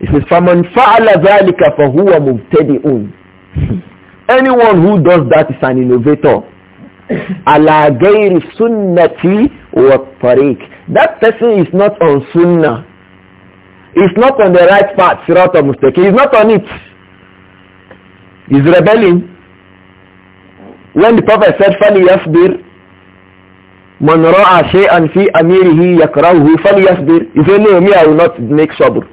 He says, فَمَنْ فَعَلَ ذَلِكَ فَهُوَ مُبْتَدِئٌ Anyone who does that is an innovator. *coughs* Ala sunnati wa tariq. That person is not on sunnah. He's not on the right path, sirat al mustaqim. He's not on it. He's rebelling. When the Prophet said, فَلْيَصْبِرْ مَنْ رَأَى شَيْئًا فِي أَمِيرِهِ يَكْرَهُهُ فَلْيَصْبِرْ He said, no, me, I will not make sabr.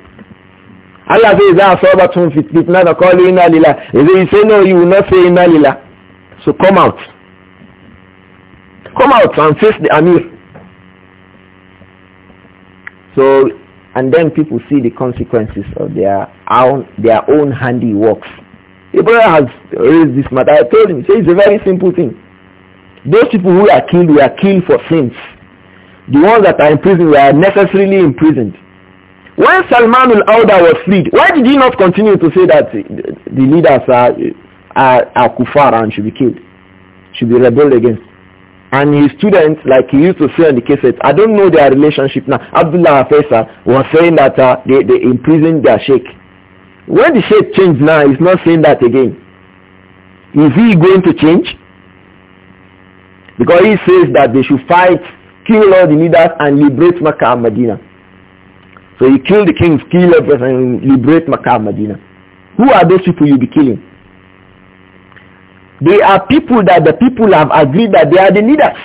Allah says, "That asabatun fitna the call inna lillah." He say, "No, you will not say inna So come out, come out and face the Amir. So, and then people see the consequences of their own their own handiworks. The has raised this matter. I told him, say it's a very simple thing. Those people who are killed were killed for sins. The ones that are in prison were necessarily imprisoned. When Salman al-Auda was freed, why did he not continue to say that the leaders are, are, are and should be killed, should be rebelled against? And his students, like he used to say on the cassette, I don't know their relationship now. Abdullah Afesa was saying that uh, they, they imprisoned their sheikh. When the sheikh changed now, he's not saying that again. Is he going to change? Because he says that they should fight, kill all the leaders and liberate Makkah and Medina. So you kill the kings, kill everything, liberate Makkah, Medina. Who are those people you'll be killing? They are people that the people have agreed that they are the leaders.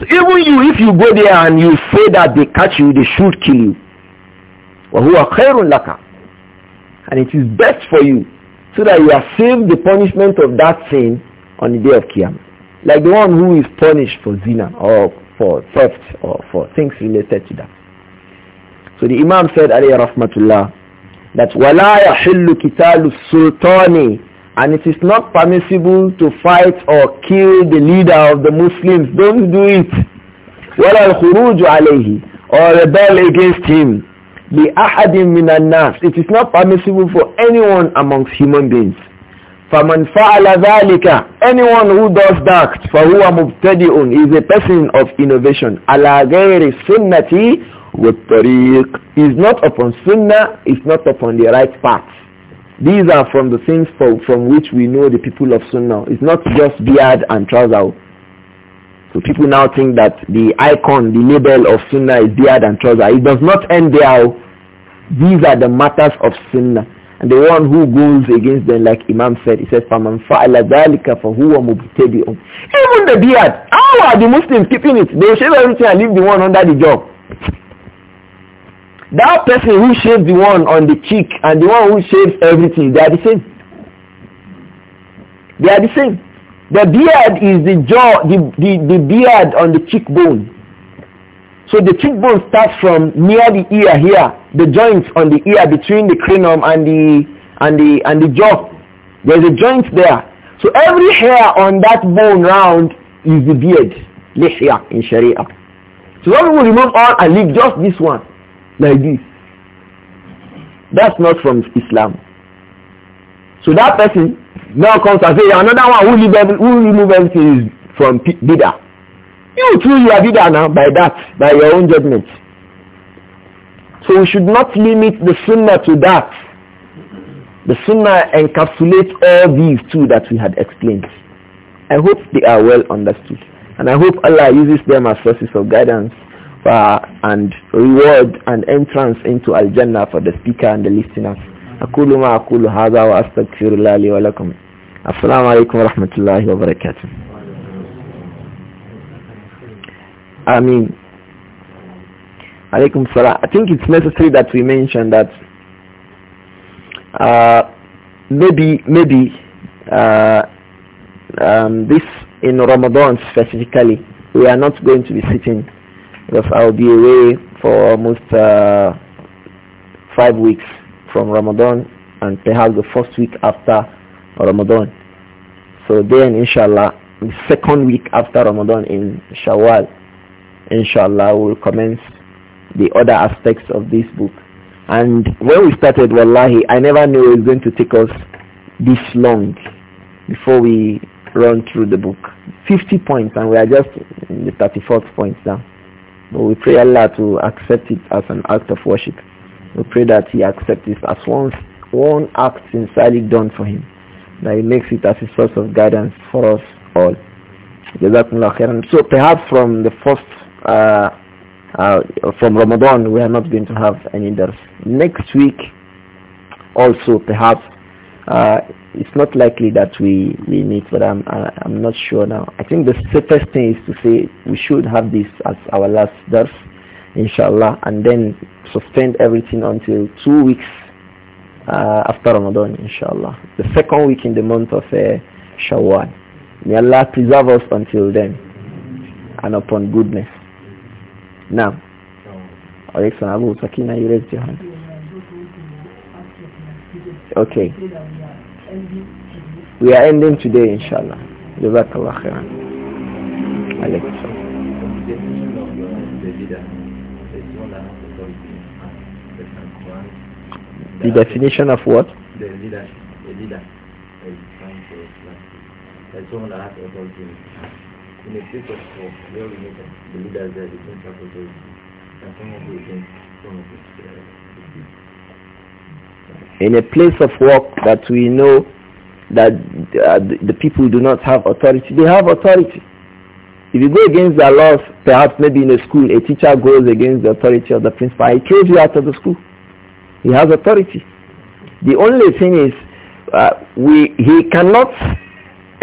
So even you, if you go there and you say that they catch you, they should kill you. And it is best for you so that you are saved the punishment of that sin on the day of Qiyamah. Like the one who is punished for zina or for theft or for things related to that. So the Imam said, alayhi rahmatullah, that وَلَا يَحِلُّ كِتَالُ sultani and it is not permissible to fight or kill the leader of the Muslims. Don't do it. al الْخُرُوجُ alayhi or rebel against him. لِأَحَدٍ مِنَ النَّاسِ It is not permissible for anyone amongst human beings. فَمَنْ فَعَلَ ذَلِكَ Anyone who does that, فَهُوَ مُبْتَدِئٌ is a person of innovation. عَلَى غَيْرِ with tariq is not upon sunnah, is not upon the right path. These are from the things for, from which we know the people of sunnah. It's not just beard and trouser. So people now think that the icon, the label of sunnah is beard and trouser. It does not end there. These are the matters of sunnah. And the one who goes against them, like Imam said, he says, فَمَنْ فَعَلَ ذَلِكَ فَهُوَ مُبْتَدِئٌ Even the beard, how are the Muslims keeping it? They shave everything and leave the one under the job. That person who shaved the one on the cheek and the one who shaves everything, they are the same. They are the same. The beard is the jaw, the, the, the beard on the cheekbone. So the cheekbone starts from near the ear here, the joint on the ear between the cranium and the and the and the jaw. There's a joint there. So every hair on that bone round is the beard. Lihya in Sharia. So when we remove all and leave just this one like this. That's not from Islam. So that person now comes and says, another one who remove, who everything is from Bida. You too, you are Bida now by that, by your own judgment. So we should not limit the sunnah to that. The sunnah encapsulates all these two that we had explained. I hope they are well understood. And I hope Allah uses them as sources of guidance uh, and reward and entrance into Al-Jannah for the speaker and the listeners. أقول ما أقول هذا وأستغفر الله لي ولكم السلام عليكم ورحمة الله وبركاته آمين عليكم السلام I think it's necessary that we mention that uh, maybe maybe uh, um, this in Ramadan specifically we are not going to be sitting because I'll be away for almost uh, five weeks from Ramadan and perhaps the first week after Ramadan. So then, inshallah, the second week after Ramadan in Shawwal, inshallah, we'll commence the other aspects of this book. And when we started, wallahi, I never knew it was going to take us this long before we run through the book. 50 points, and we are just in the 34th point now we pray Allah to accept it as an act of worship. We pray that He accepts it as one, one act sincerely done for Him. That He makes it as a source of guidance for us all. So perhaps from the first, uh, uh, from Ramadan, we are not going to have any dars. Next week, also perhaps uh, it's not likely that we, we meet, but I'm, I, I'm not sure now. I think the safest thing is to say we should have this as our last dars, inshallah, and then suspend everything until two weeks uh, after Ramadan, inshallah. The second week in the month of uh, Shawwal. May Allah preserve us until then and upon goodness. Now, Alexa Abu Sakina, you raised your hand. Okay. We are ending today, inshallah. Jazakallah khairan. Alaykum The definition of what? The leader. The leader is trying to explain. There's that has authority. In of where we the authority. And in a place of work that we know that uh, the, people do not have authority, they have authority. If you go against the laws, perhaps maybe in a school, a teacher goes against the authority of the principal. He throws you out of the school. He has authority. The only thing is, uh, we, he cannot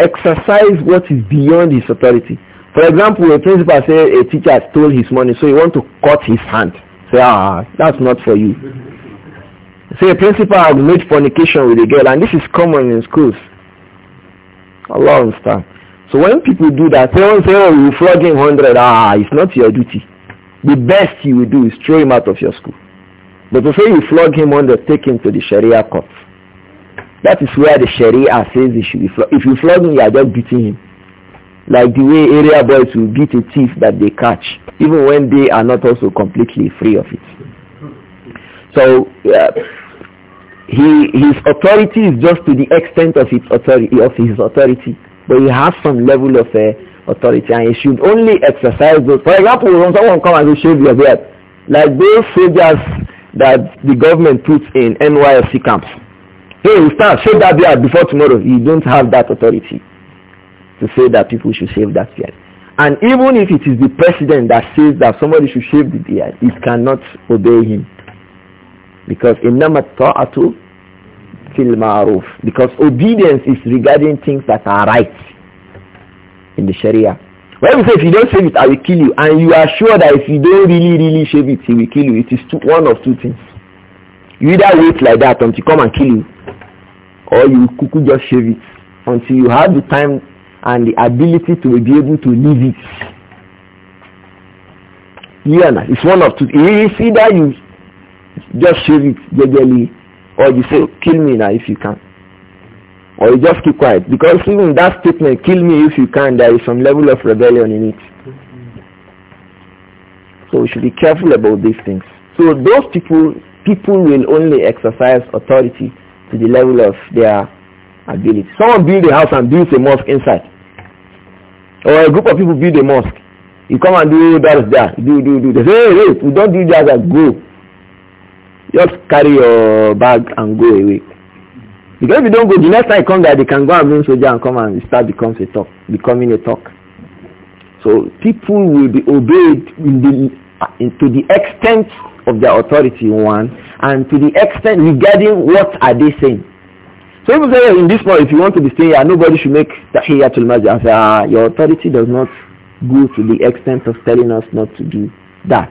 exercise what is beyond his authority. For example, a principal says a teacher stole his money, so he want to cut his hand. Say, ah, that's not for you. Say a principal has made fornication with a girl and this is common in schools. a of stuff. So when people do that, won't oh, say, oh, you flog him 100. Ah, it's not your duty. The best you will do is throw him out of your school. But to say you flog him 100, take him to the Sharia court. That is where the Sharia says he should be flogged. If you flog him, you are just beating him. Like the way area boys will beat a thief that they catch, even when they are not also completely free of it. So yeah. He, his authority is just to the extent of, authority, of his authority. But he has some level of uh, authority and he should only exercise those. For example, when someone come and says, shave your beard, like those soldiers that the government puts in NYSC camps. Hey, start shave that beard before tomorrow. You don't have that authority to say that people should shave that beard. And even if it is the president that says that somebody should shave the beard, it cannot obey him. Because in الطَّاعَةُ fil ma'ruf because obedience is regarding things that are right in the sharia when we say if you don't shave it i will kill you and you are sure that if you don't really really shave it he will kill you it is two, one of two things you either wait like that until he come and kill you or you kuku just shave it until you have the time and the ability to be able to leave it yeah it's one of two it is either you just shave it gradually or you say, kill me now if you can. Or you just keep quiet. Because even that statement, kill me if you can, there is some level of rebellion in it. So we should be careful about these things. So those people, people will only exercise authority to the level of their ability. Someone build a house and builds a mosque inside. Or a group of people build a mosque. You come and do that, that, do, do, do. They say, hey, hey, we don't do that, that, group. Just carry your bag and go away. Because if you don't go, the next time you come there, they can go and bring soldier and come and start becomes a talk, becoming a talk. So people will be obeyed in the, in, to the extent of their authority, one, and to the extent regarding what are they saying. So people say, in this point, if you want to be staying here, nobody should make tahiyatul masjid. to say, ah, your authority does not go to the extent of telling us not to do that.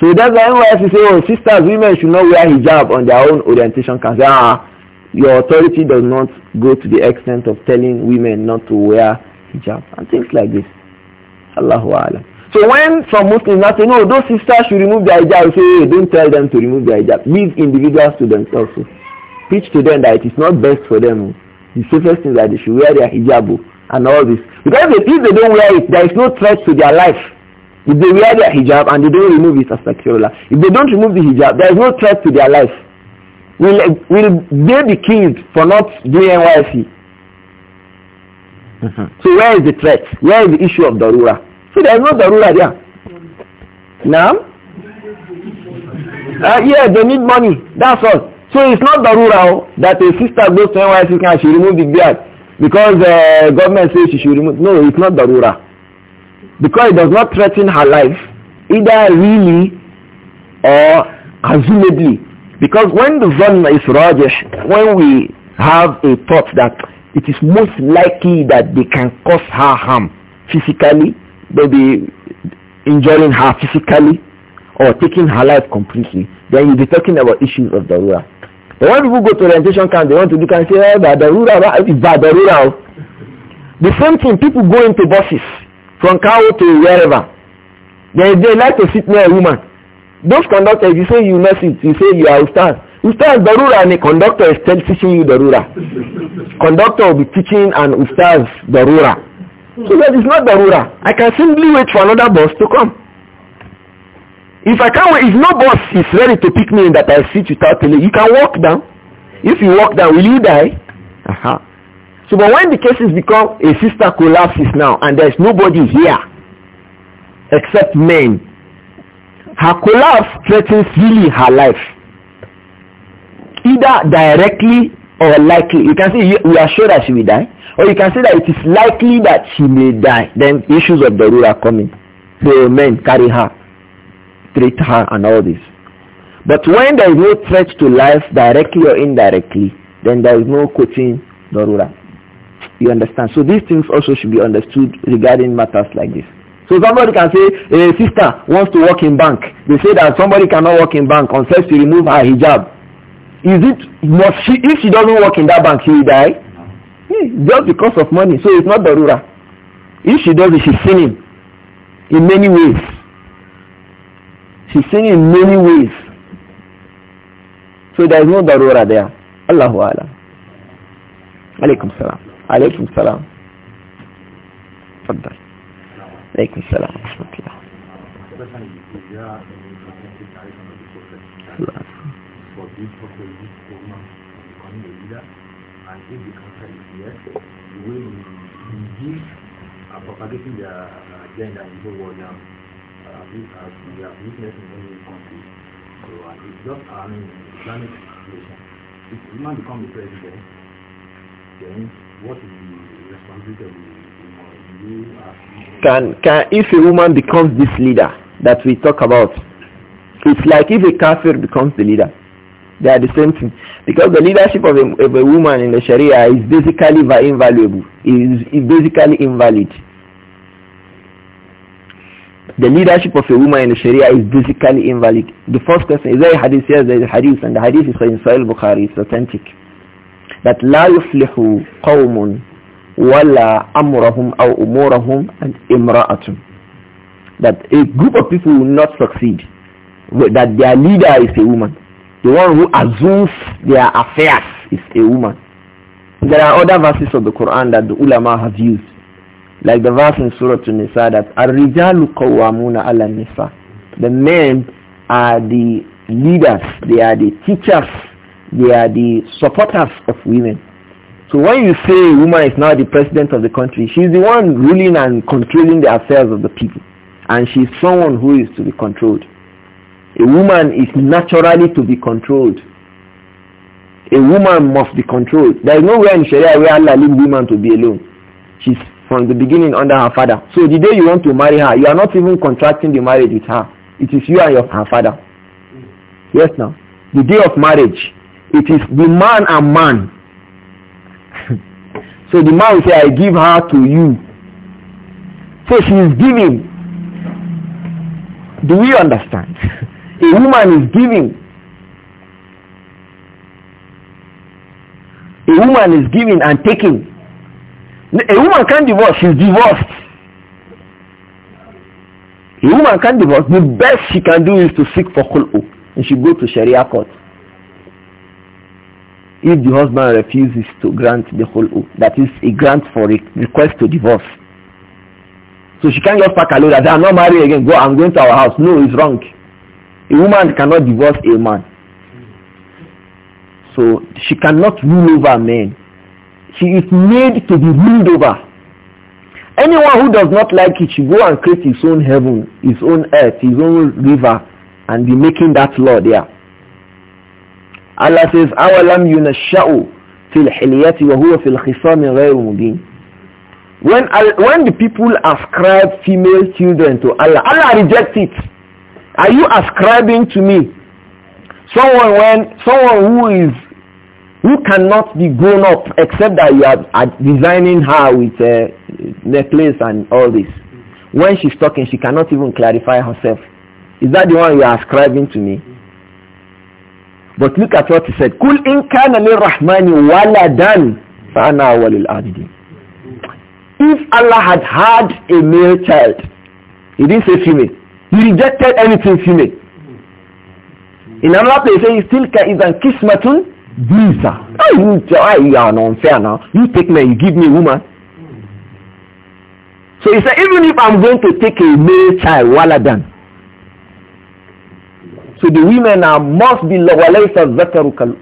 So that's why NYC say, oh, sisters, women should not wear hijab on their own orientation council. Ah, your authority does not go to the extent of telling women not to wear hijab and things like this. Allahu Alam. So when some Muslims are say, no, those sisters should remove their hijab, we say, hey, don't tell them to remove their hijab. Leave individuals to themselves. Preach to them that it is not best for them. The safest thing is that they should wear their hijab and all this. Because if they don't wear it, there is no threat to their life. If they wear their hijab and they don't remove it, astaghfirullah. If they don't remove the hijab, there is no threat to their life. Will, will they be killed for not doing NYC? Mm -hmm. So where is the threat? Where is the issue of darura? So there is no darura there. Now? Uh, yeah, they need money. That's all. So it's not darura oh, that a sister goes to NYC and she remove the beard because the uh, government says she should remove. No, it's not darura because it does not threaten her life either really or assumably because when the zanna is rajesh when we have a thought that it is most likely that they can cause her harm physically maybe injuring her physically or taking her life completely then you'll be talking about issues of the ruler but when people go to orientation camp they want to look and say oh the ruler is bad the ruler the same thing people go into buses from Kawo to wherever. They, they like to sit near a woman. Those conductors, you say you mess it, you say you are Ustaz. Ustaz Darura and the conductor is still teaching you Darura. conductor will be teaching an Ustaz Darura. So that is not Darura. I can simply wait for another bus to come. If I can't wait, if no bus is ready to pick me in that I sit without telling you can walk down. If you walk down, will you die? Uh -huh. So but when the cases become a sister collapses now and there's nobody here except men, her collapse threatens really her life. Either directly or likely. You can say we are sure that she will die or you can say that it is likely that she may die. Then issues of the rule are coming. the men carry her, treat her and all this. But when there is no threat to life directly or indirectly, then there is no coaching the rule. You understand? So these things also should be understood regarding matters like this. So somebody can say, a sister wants to work in bank. They say that somebody cannot work in bank unless she remove her hijab. Is it, must she, if she doesn't work in that bank, she will die? Yeah, just because of money. So it's not darura. If she does it, she's sinning in many ways. She's sinning in many ways. So there is no darura there. Allahu Alam. Alaikum salam. عليكم السلام تفضل عليكم السلام ورحمة الله and if the answer is yes, you will indeed are propagating their agenda in the world we have business in many countries. So it's just Islamic situation. If Imam the president, then what is the responsibility of Can, can, if a woman becomes this leader that we talk about, it's like if a kafir becomes the leader. They are the same thing. Because the leadership of a, of a woman in the Sharia is basically invaluable. Is, is basically invalid. The leadership of a woman in the Sharia is basically invalid. The first question, is there a hadith? Yes, there is a hadith. And the hadith is in Sahih Bukhari. It's authentic that لا يفلح قوم ولا أمرهم أو أمورهم and امرأة that a group of people will not succeed that their leader is a woman the one who assumes their affairs is a woman there are other verses of the Quran that the ulama have used like the verse in Surah An-Nisa that الرجال قوامون على النساء the men are the leaders they are the teachers they are the supporters of women. So when you say a woman is now the president of the country, she's the one ruling and controlling the affairs of the people. And she's someone who is to be controlled. A woman is naturally to be controlled. A woman must be controlled. There is nowhere in Sharia where Allah leaves woman to be alone. She's from the beginning under her father. So the day you want to marry her, you are not even contracting the marriage with her. It is you and your, her father. Yes, now. The day of marriage, it is the man and man. *laughs* so the man will say, I give her to you. So she is giving. Do we understand? *laughs* A woman is giving. A woman is giving and taking. A woman can't divorce. She's divorced. A woman can't divorce. The best she can do is to seek for khul'u. And she go to Sharia court if the husband refuses to grant the khul'u, that is a grant for a request to divorce. So she can't just pack her load and say, I'm not married again, go, I'm going to our house. No, it's wrong. A woman cannot divorce a man. So she cannot rule over men. She is made to be ruled over. Anyone who does not like it should go and create his own heaven, his own earth, his own river, and be making that law there. Allah says, أَوَلَمْ يُنَشَّأُ فِي الْحِلِيَةِ وَهُوَ فِي الْخِصَامِ غَيْرُ مُبِينٍ when, uh, when the people ascribe female children to Allah, Allah rejects it. Are you ascribing to me someone when someone who is who cannot be grown up except that you are, are designing her with a uh, necklace and all this? When she's talking, she cannot even clarify herself. Is that the one you are ascribing to me? But look at what he said. Kul in kana lirrahmani waladan fa'ana walil abidin. If Allah had had a male child, he didn't say female. He rejected anything female. In another place, he says, still is kismatun visa. Oh, you, oh, you are unfair now. You take me, you give me a woman. So he said, even if I'm going to take a male child, waladan, So the women are must be walaysa zakaru kal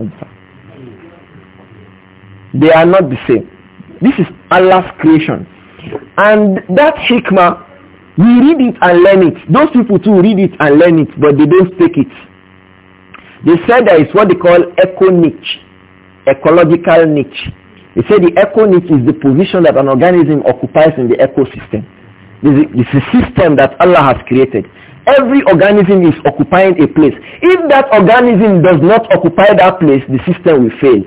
They are not the same. This is Allah's creation. And that hikmah, we read it and learn it. Those people too read it and learn it, but they don't take it. They said that it's what they call eco-niche, ecological niche. They say the eco-niche is the position that an organism occupies in the ecosystem. It's a system that Allah has created. Every organism is occupying a place. If that organism does not occupy that place, the system will fail.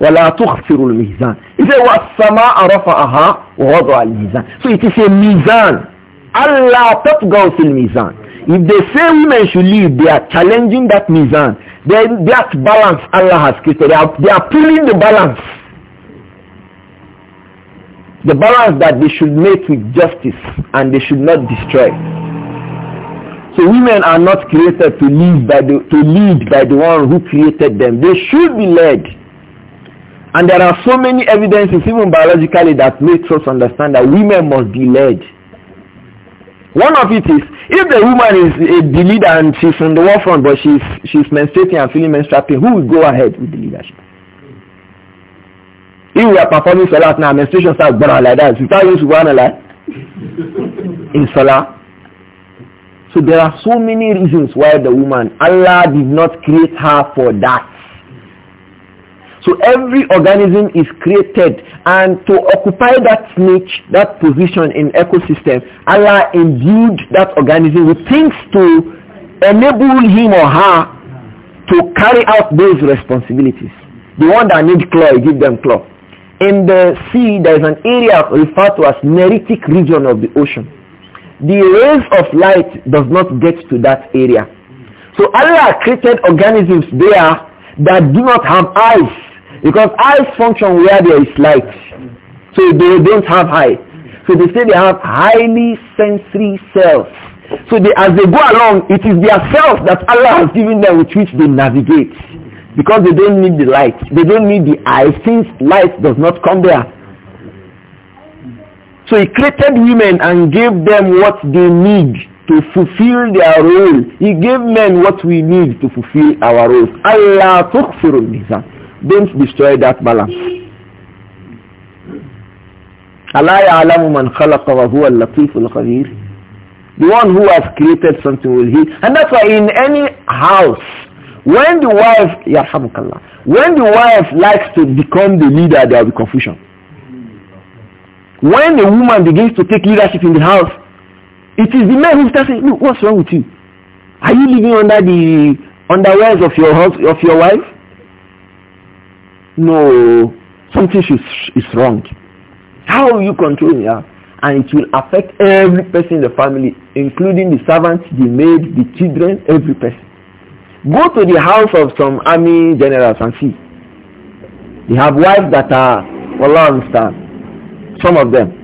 وَلَا تُخْفِرُ الْمِيزَانِ He said, aha, رَفَعَهَا وَوَضَعَ الْمِيزَانِ So it is a mizan. Allah تَطْغَوْ in mizan. If they say women should leave, they are challenging that mizan. Then that balance Allah has created. They are, they are pulling the balance. The balance that they should make with justice and they should not destroy. So women are not created to lead by the, to lead by the one who created them. They should be led. And there are so many evidences, even biologically, that makes us understand that women must be led. One of it is if the woman is a the leader and she's on the forefront, but she's she's menstruating and feeling menstruating, who will go ahead with the leadership? If we are performing salah now, menstruation starts burning like that. We start using subhanallah in salah. So there are so many reasons why the woman, Allah did not create her for that. So every organism is created and to occupy that niche, that position in ecosystem, Allah imbued that organism with things to enable him or her to carry out those responsibilities. The one that needs claw, give them claw. In the sea, there is an area referred to as neritic region of the ocean. The rays of light does not get to that area. So Allah created organisms there that do not have eyes because eyes function where there is light. So they don't have eyes. So they say they have highly sensory cells. So they, as they go along, it is their cells that Allah has given them with which they navigate. Because they don't need the light. They don't need the eye since light does not come there. So he created women and gave them what they need to fulfill their role. He gave men what we need to fulfill our roles. Allah tukhfirun nisa. Don't destroy that balance. Allah ya'lamu man khalaqa wa huwa al-latiful khabir. The one who has created something will he. And that's why in any house, when the wife, yarhamukallah, when the wife likes to become the leader, there will be confusion. When the woman begins to take leadership in the house, it is the man who starts saying, look, what's wrong with you? Are you living under the underwears of your house, of your wife? No, something is, is wrong. How you control her? And it will affect every person in the family, including the servants, the maid, the children, every person. Go to the house of some army generals and see. They have wives that are, Allah understand, some of them.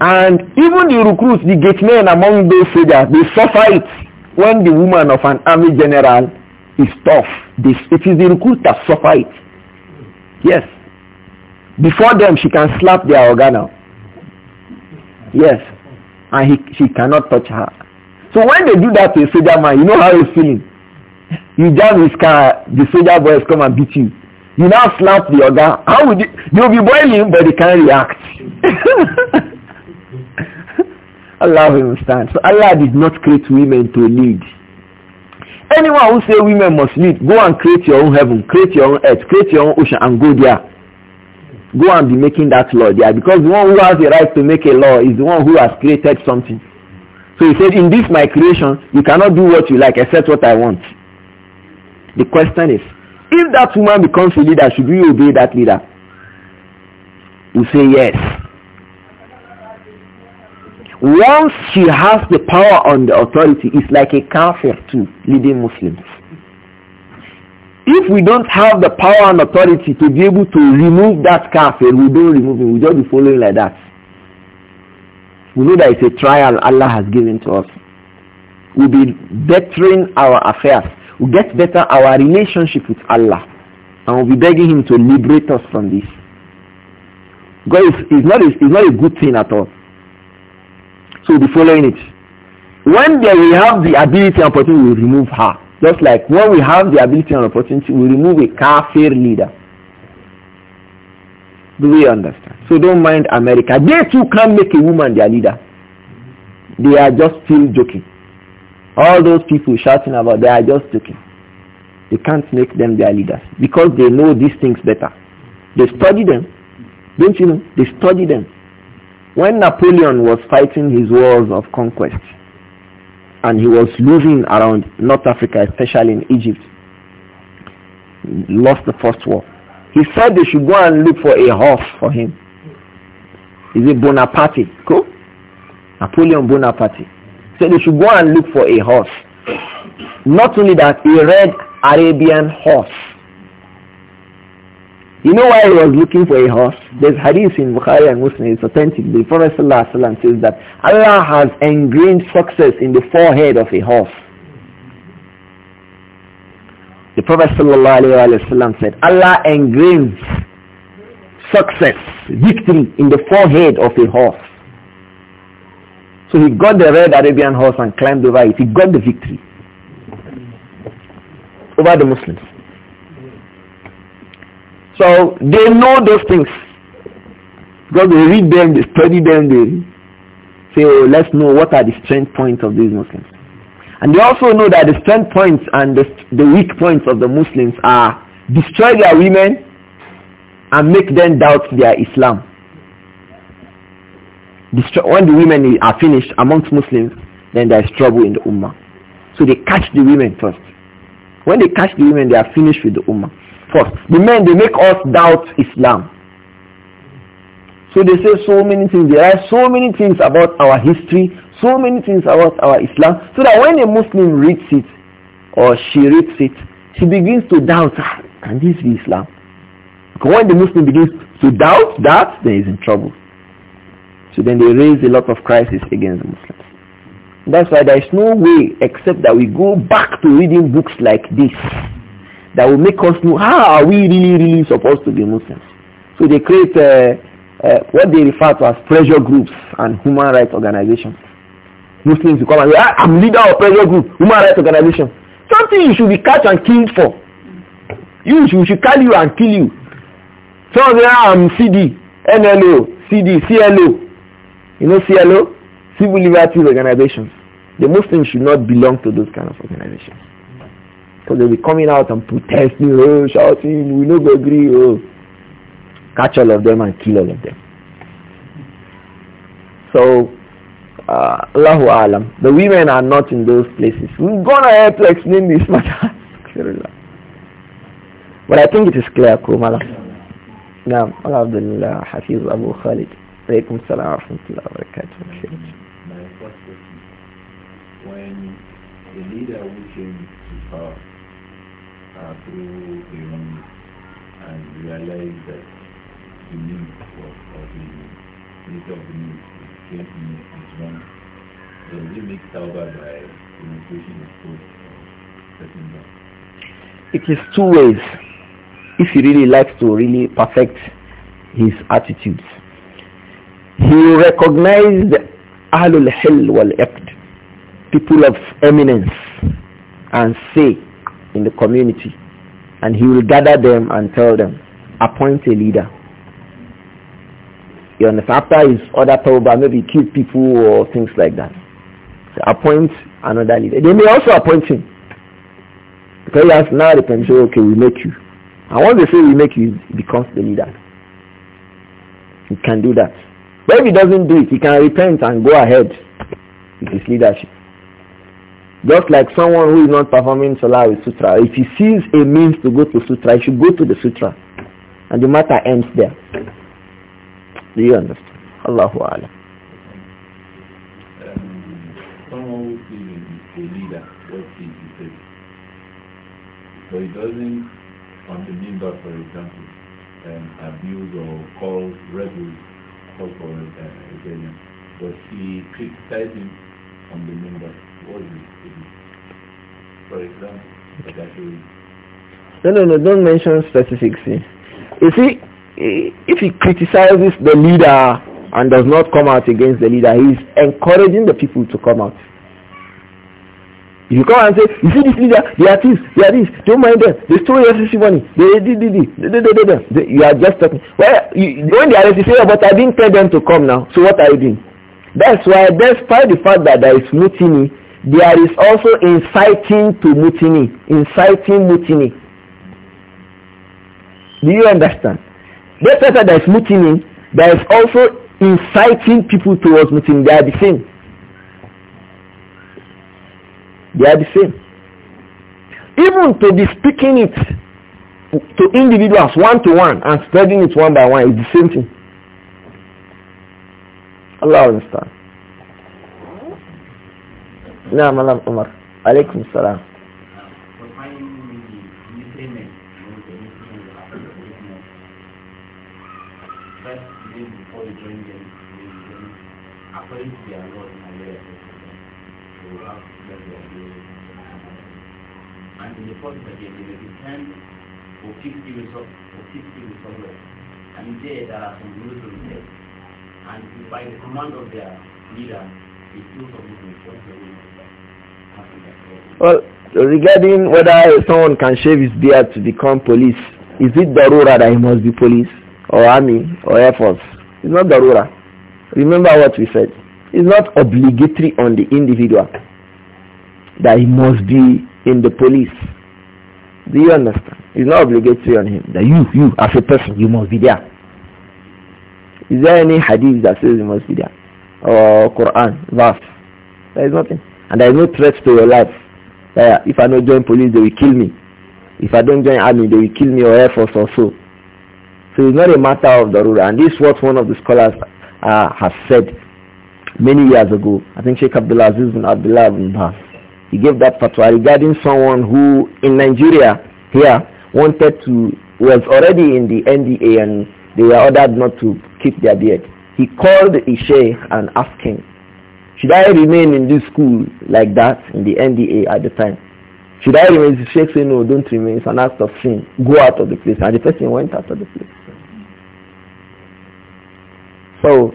And even the recruits, the gate men among those soldiers, they suffer it when the woman of an army general is tough. This, it is the recruit that suffer it. Yes. Before them, she can slap their organ Yes. And he, she cannot touch her. So when they do that to a soldier man, you know how he's feeling. You jam his car, the soldier boys come and beat you. You now slap the other. How would you? You'll be boiling, but they can't react. *laughs* Allah will stand. So Allah did not create women to lead. Anyone who say women must lead, go and create your own heaven, create your own earth, create your own ocean, and go there. Go and be making that law there, because the one who has the right to make a law is the one who has created something. So he said, in this my creation, you cannot do what you like except what I want. The question is, if that woman becomes a leader, should we obey that leader? You say yes. Once she has the power and the authority, it's like a kafir to leading Muslims. If we don't have the power and authority to be able to remove that kafir, we don't remove it. We just be following like that. We know that it's a trial Allah has given to us. We'll be bettering our affairs we get better our relationship with Allah. And we'll be begging him to liberate us from this. God is, is, not, a, is not a good thing at all. So we'll be following it. When there we have the ability and opportunity, we'll remove her. Just like when we have the ability and opportunity, we remove a kafir leader. Do we understand? So don't mind America. They too can't make a woman their leader. They are just still joking. All those people shouting about they are just joking. They can't make them their leaders because they know these things better. They study them. Don't you know? They study them. When Napoleon was fighting his wars of conquest and he was losing around North Africa, especially in Egypt, lost the first war. He said they should go and look for a horse for him. Is it Bonaparte? Cool? Napoleon Bonaparte. So they should go and look for a horse. Not only that, a red Arabian horse. You know why he was looking for a horse? There's hadith in Bukhari and Muslim, it's authentic. The Prophet says that Allah has ingrained success in the forehead of a horse. The Prophet said, Allah engrains success, victory in the forehead of a horse. So he got the red Arabian horse and climbed over it. He got the victory over the Muslims. So they know those things. Because they read them, they study them, they say, oh, let's know what are the strength points of these Muslims. And they also know that the strength points and the, the weak points of the Muslims are destroy their women and make them doubt their Islam when the women are finished amongst Muslims, then there is trouble in the Ummah. So they catch the women first. When they catch the women, they are finished with the Ummah. First, the men, they make us doubt Islam. So they say so many things. There are so many things about our history, so many things about our Islam, so that when a Muslim reads it or she reads it, she begins to doubt, ah, can this be Islam? Because when the Muslim begins to doubt that, then he's in trouble. So then they raise a lot of crisis against Muslims. That's why there is no way except that we go back to reading books like this that will make us know how ah, are we really, really supposed to be Muslims. So they create uh, uh, what they refer to as pressure groups and human rights organizations. Muslims will come and say, ah, I'm leader of pressure group, human rights organization. Something you should be catch and killed for. You should, should call you and kill you. So there ah, I'm CD, NLO, CD, CLO. You know CLO? Civil liberties organizations. The Muslims should not belong to those kind of organizations. Because they'll be coming out and protesting, oh, shouting, we no go agree, oh. Catch all of them and kill all of them. So, uh, Alam, the women are not in those places. We're going to have to explain this matter. *laughs* but I think it is clear, Kumala. نعم الحمد لله حفيظ أبو خالد Alaikum salam wa rahmatullahi wa barakatuh. My first question, when the leader who came to power uh, through the and realized that the need for, for the need of the need is getting is wrong, does it make tawbah by demonstration of fault or setting down? It is two ways. If he really likes to really perfect his attitudes, he recognized alul Hil wal Iqd, people of eminence and say in the community. And he will gather them and tell them, appoint a leader. You understand? After his other tawbah, maybe kill people or things like that. So appoint another leader. They may also appoint him. Because he has now the say, okay, we make you. And once they say we make you, he becomes the leader. He can do that. But if he doesn't do it, he can repent and go ahead with his leadership. Just like someone who is not performing Salah with Sutra, if he sees a means to go to Sutra, he should go to the Sutra. And the matter ends there. Do you understand? Allahu Alam. Um, so he doesn't on the member, for example, um, abuse or call rebels so called uh, Iranian, was he criticizing on the members? Was it, for example, that he no, no, no, don't mention specifics. You see, if he criticizes the leader and does not come out against the leader, he's encouraging the people to come out. If you come and say, you see this leader, they are thieves, they are this, don't mind them, they stole your SSC money, they did, did, did, did, did, did, you are just talking. Well, you, when they are you say, oh, but I didn't tell them to come now, so what are you doing? That's why despite the fact that there is mutiny, there is also inciting to mutiny, inciting mutiny. Do you understand? Despite that there is mutiny, there is also inciting people towards mutiny. They are the same. They are the same. Even to be speaking it to individuals one to one and studying it one by one is the same thing. Allah understand. نعم الله عمر عليكم there are from military there, and by the command of their leader, they kill some people Well, regarding whether someone can shave his beard to become police, is it the ruler that he must be police, or army, or air force? It's not the ruler. Remember what we said. It's not obligatory on the individual that he must be in the police. Do you understand? It's not obligatory on him that you, you as a person, you must be there. Is there any hadith that says you must be there? Or Quran, verse? There is nothing. And there is no threat to your life. Uh, if I don't join police, they will kill me. If I don't join army, they will kill me or air force or so. So it's not a matter of the darura. And this is what one of the scholars uh, has said many years ago. I think Sheikh Abdulaziz Aziz bin Abdullah ibn Bas. He gave that fatwa regarding someone who in Nigeria here wanted to was already in the NDA and they were ordered not to keep their beard. He called a sheikh and asked him, should I remain in this school like that in the NDA at the time? Should I remain? The sheikh said, no, don't remain. It's an act of sin. Go out of the place. And the person went out of the place. So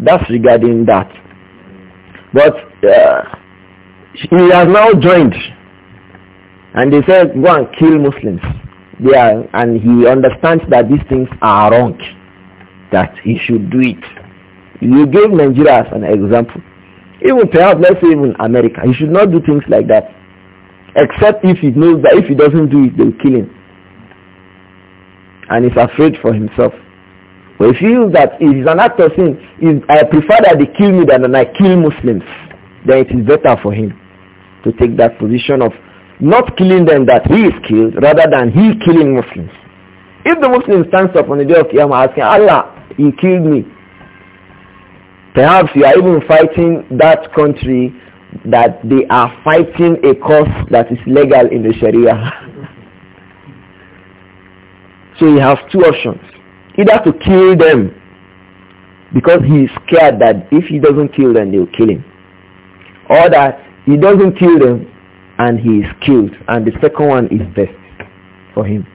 that's regarding that. But uh, he has now joined. And they said, go and kill Muslims. They are, and he understands that these things are wrong, that he should do it. You gave Nigeria as an example. Even perhaps, let's say even America. He should not do things like that. Except if he knows that if he doesn't do it, they'll kill him. And he's afraid for himself. But he feels that it is an act of sin, if I prefer that they kill me than that I kill Muslims, then it is better for him to take that position of not killing them that he is killed, rather than he killing Muslims. If the Muslim stands up on the day of Qiyamah asking, Allah, you killed me. Perhaps you are even fighting that country that they are fighting a cause that is legal in the Sharia. *laughs* so you have two options. Either to kill them because he is scared that if he doesn't kill them, they will kill him. Or that he doesn't kill them and he is killed and the second one is best for him.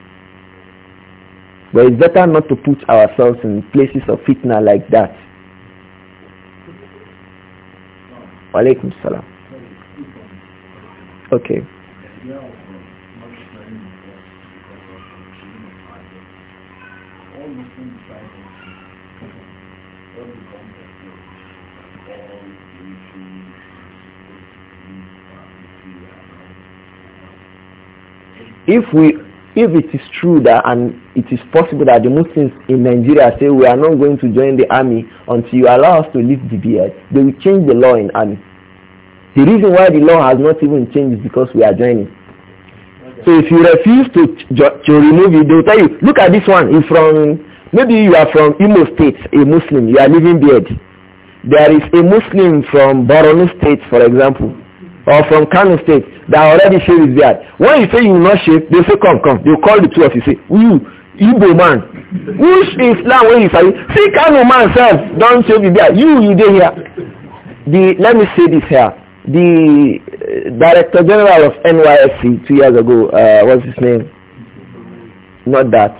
But it's better not to put ourselves in places of fitna like that. Alaikum salam. Okay. if we if it is true that and it is possible that the Muslims in Nigeria say we are not going to join the army until you allow us to leave the beard, they will change the law in army. The reason why the law has not even changed is because we are joining. So if you refuse to, to remove it, they'll tell you, look at this one, he's from, maybe you are from Imo State, a Muslim, you are leaving beard. There is a Muslim from Borno State, for example or from Kano State that already shave his beard. When you say you will not shave, they say, come, come. They call the two of you, say, you, Igbo man. Which that when you say, see Kano man self, don't shave his beard. You, you dey here. The, let me say this here. The uh, Director General of NYSC two years ago, uh, what's his name? Not that.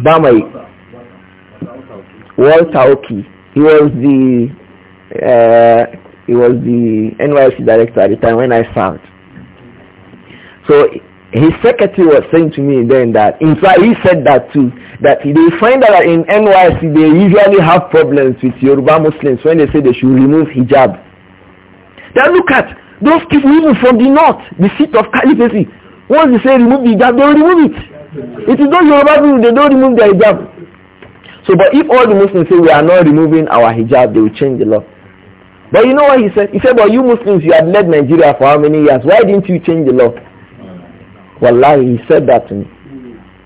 Bamai. Walter Oki. He was the uh, he was the NYC director at the time when I served. So his secretary was saying to me then that, in fact, he said that too, that they find out that in NYC they usually have problems with Yoruba Muslims when they say they should remove hijab. Then look at those people even from the north, the seat of caliphacy. Once they say remove the hijab, they remove it. It is not Yoruba people, they don't remove their hijab. So, but if all the Muslims say we are not removing our hijab, they will change the law. But you know what he said? He said, but you Muslims, you have led Nigeria for how many years? Why didn't you change the law? Wallahi, he said that to me.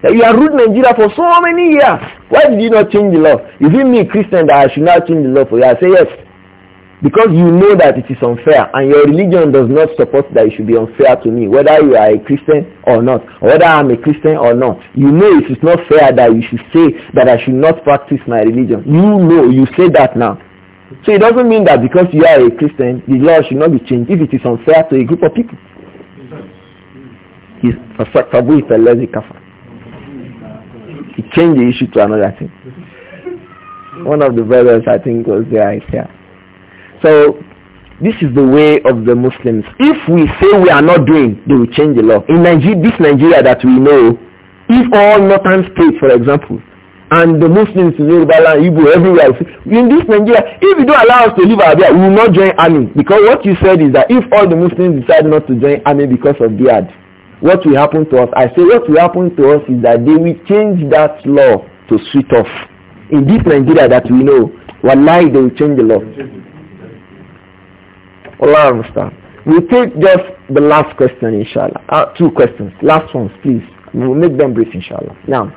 That you have ruled Nigeria for so many years. Why did you not change the law? Is it me, Christian, that I should not change the law for you? I say yes. Because you know that it is unfair and your religion does not support that it should be unfair to me, whether you are a Christian or not, or whether I'm a Christian or not. You know it is not fair that you should say that I should not practice my religion. You know, you say that now. So it doesn't mean that because you are a Christian, the law should not be changed if it is unfair to a group of people. It changed the issue to another thing. One of the brothers, I think, was there. here. So this is the way of the Muslims. If we say we are not doing, they will change the law. In Nigeria, this Nigeria that we know, if all northern states, for example, and the Muslims in Yoruba land, Igbo, everywhere. In this Nigeria, if you don't allow us to leave there, we will not join army. Because what you said is that if all the Muslims decide not to join army because of jihad, what will happen to us? I say what will happen to us is that they will change that law to sweet off. In this Nigeria that we know, wallahi they will change the law. Allah understand. We'll take just the last question inshallah. Uh, two questions. Last ones please. We'll make them brief inshallah. Now.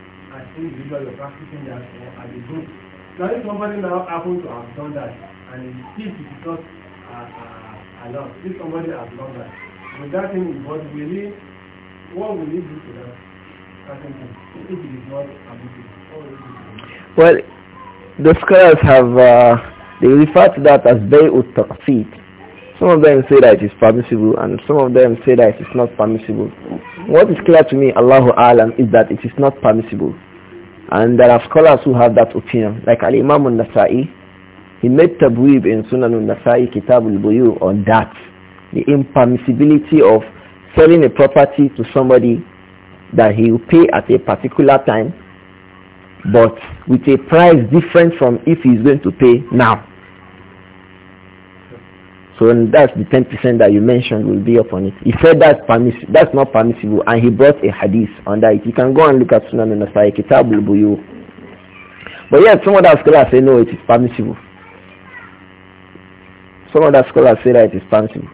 an individual you're practicing that or as a group. Now if somebody now happens to have done that and seems to not uh, uh, lot, if somebody has done that, with that thing what will he do to that? well, the scholars have, uh, they refer to that as Bay'ut Taqfit, some of them say that it is permissible and some of them say that it is not permissible. What is clear to me, Allahu Alam, is that it is not permissible. And there are scholars who have that opinion. Like Al-Imam al-Nasa'i, he made tabweeb in Sunan al-Nasa'i Kitab al-Buyu on that. The impermissibility of selling a property to somebody that he will pay at a particular time but with a price different from if he is going to pay now. So that's the 10% that you mentioned will be upon it. He said that's, permiss- that's not permissible and he brought a hadith on that. You can go and look at Sunan and nasai Kitab al-Buyu. But yet some other scholars say no, it is permissible. Some other scholars say that it is permissible.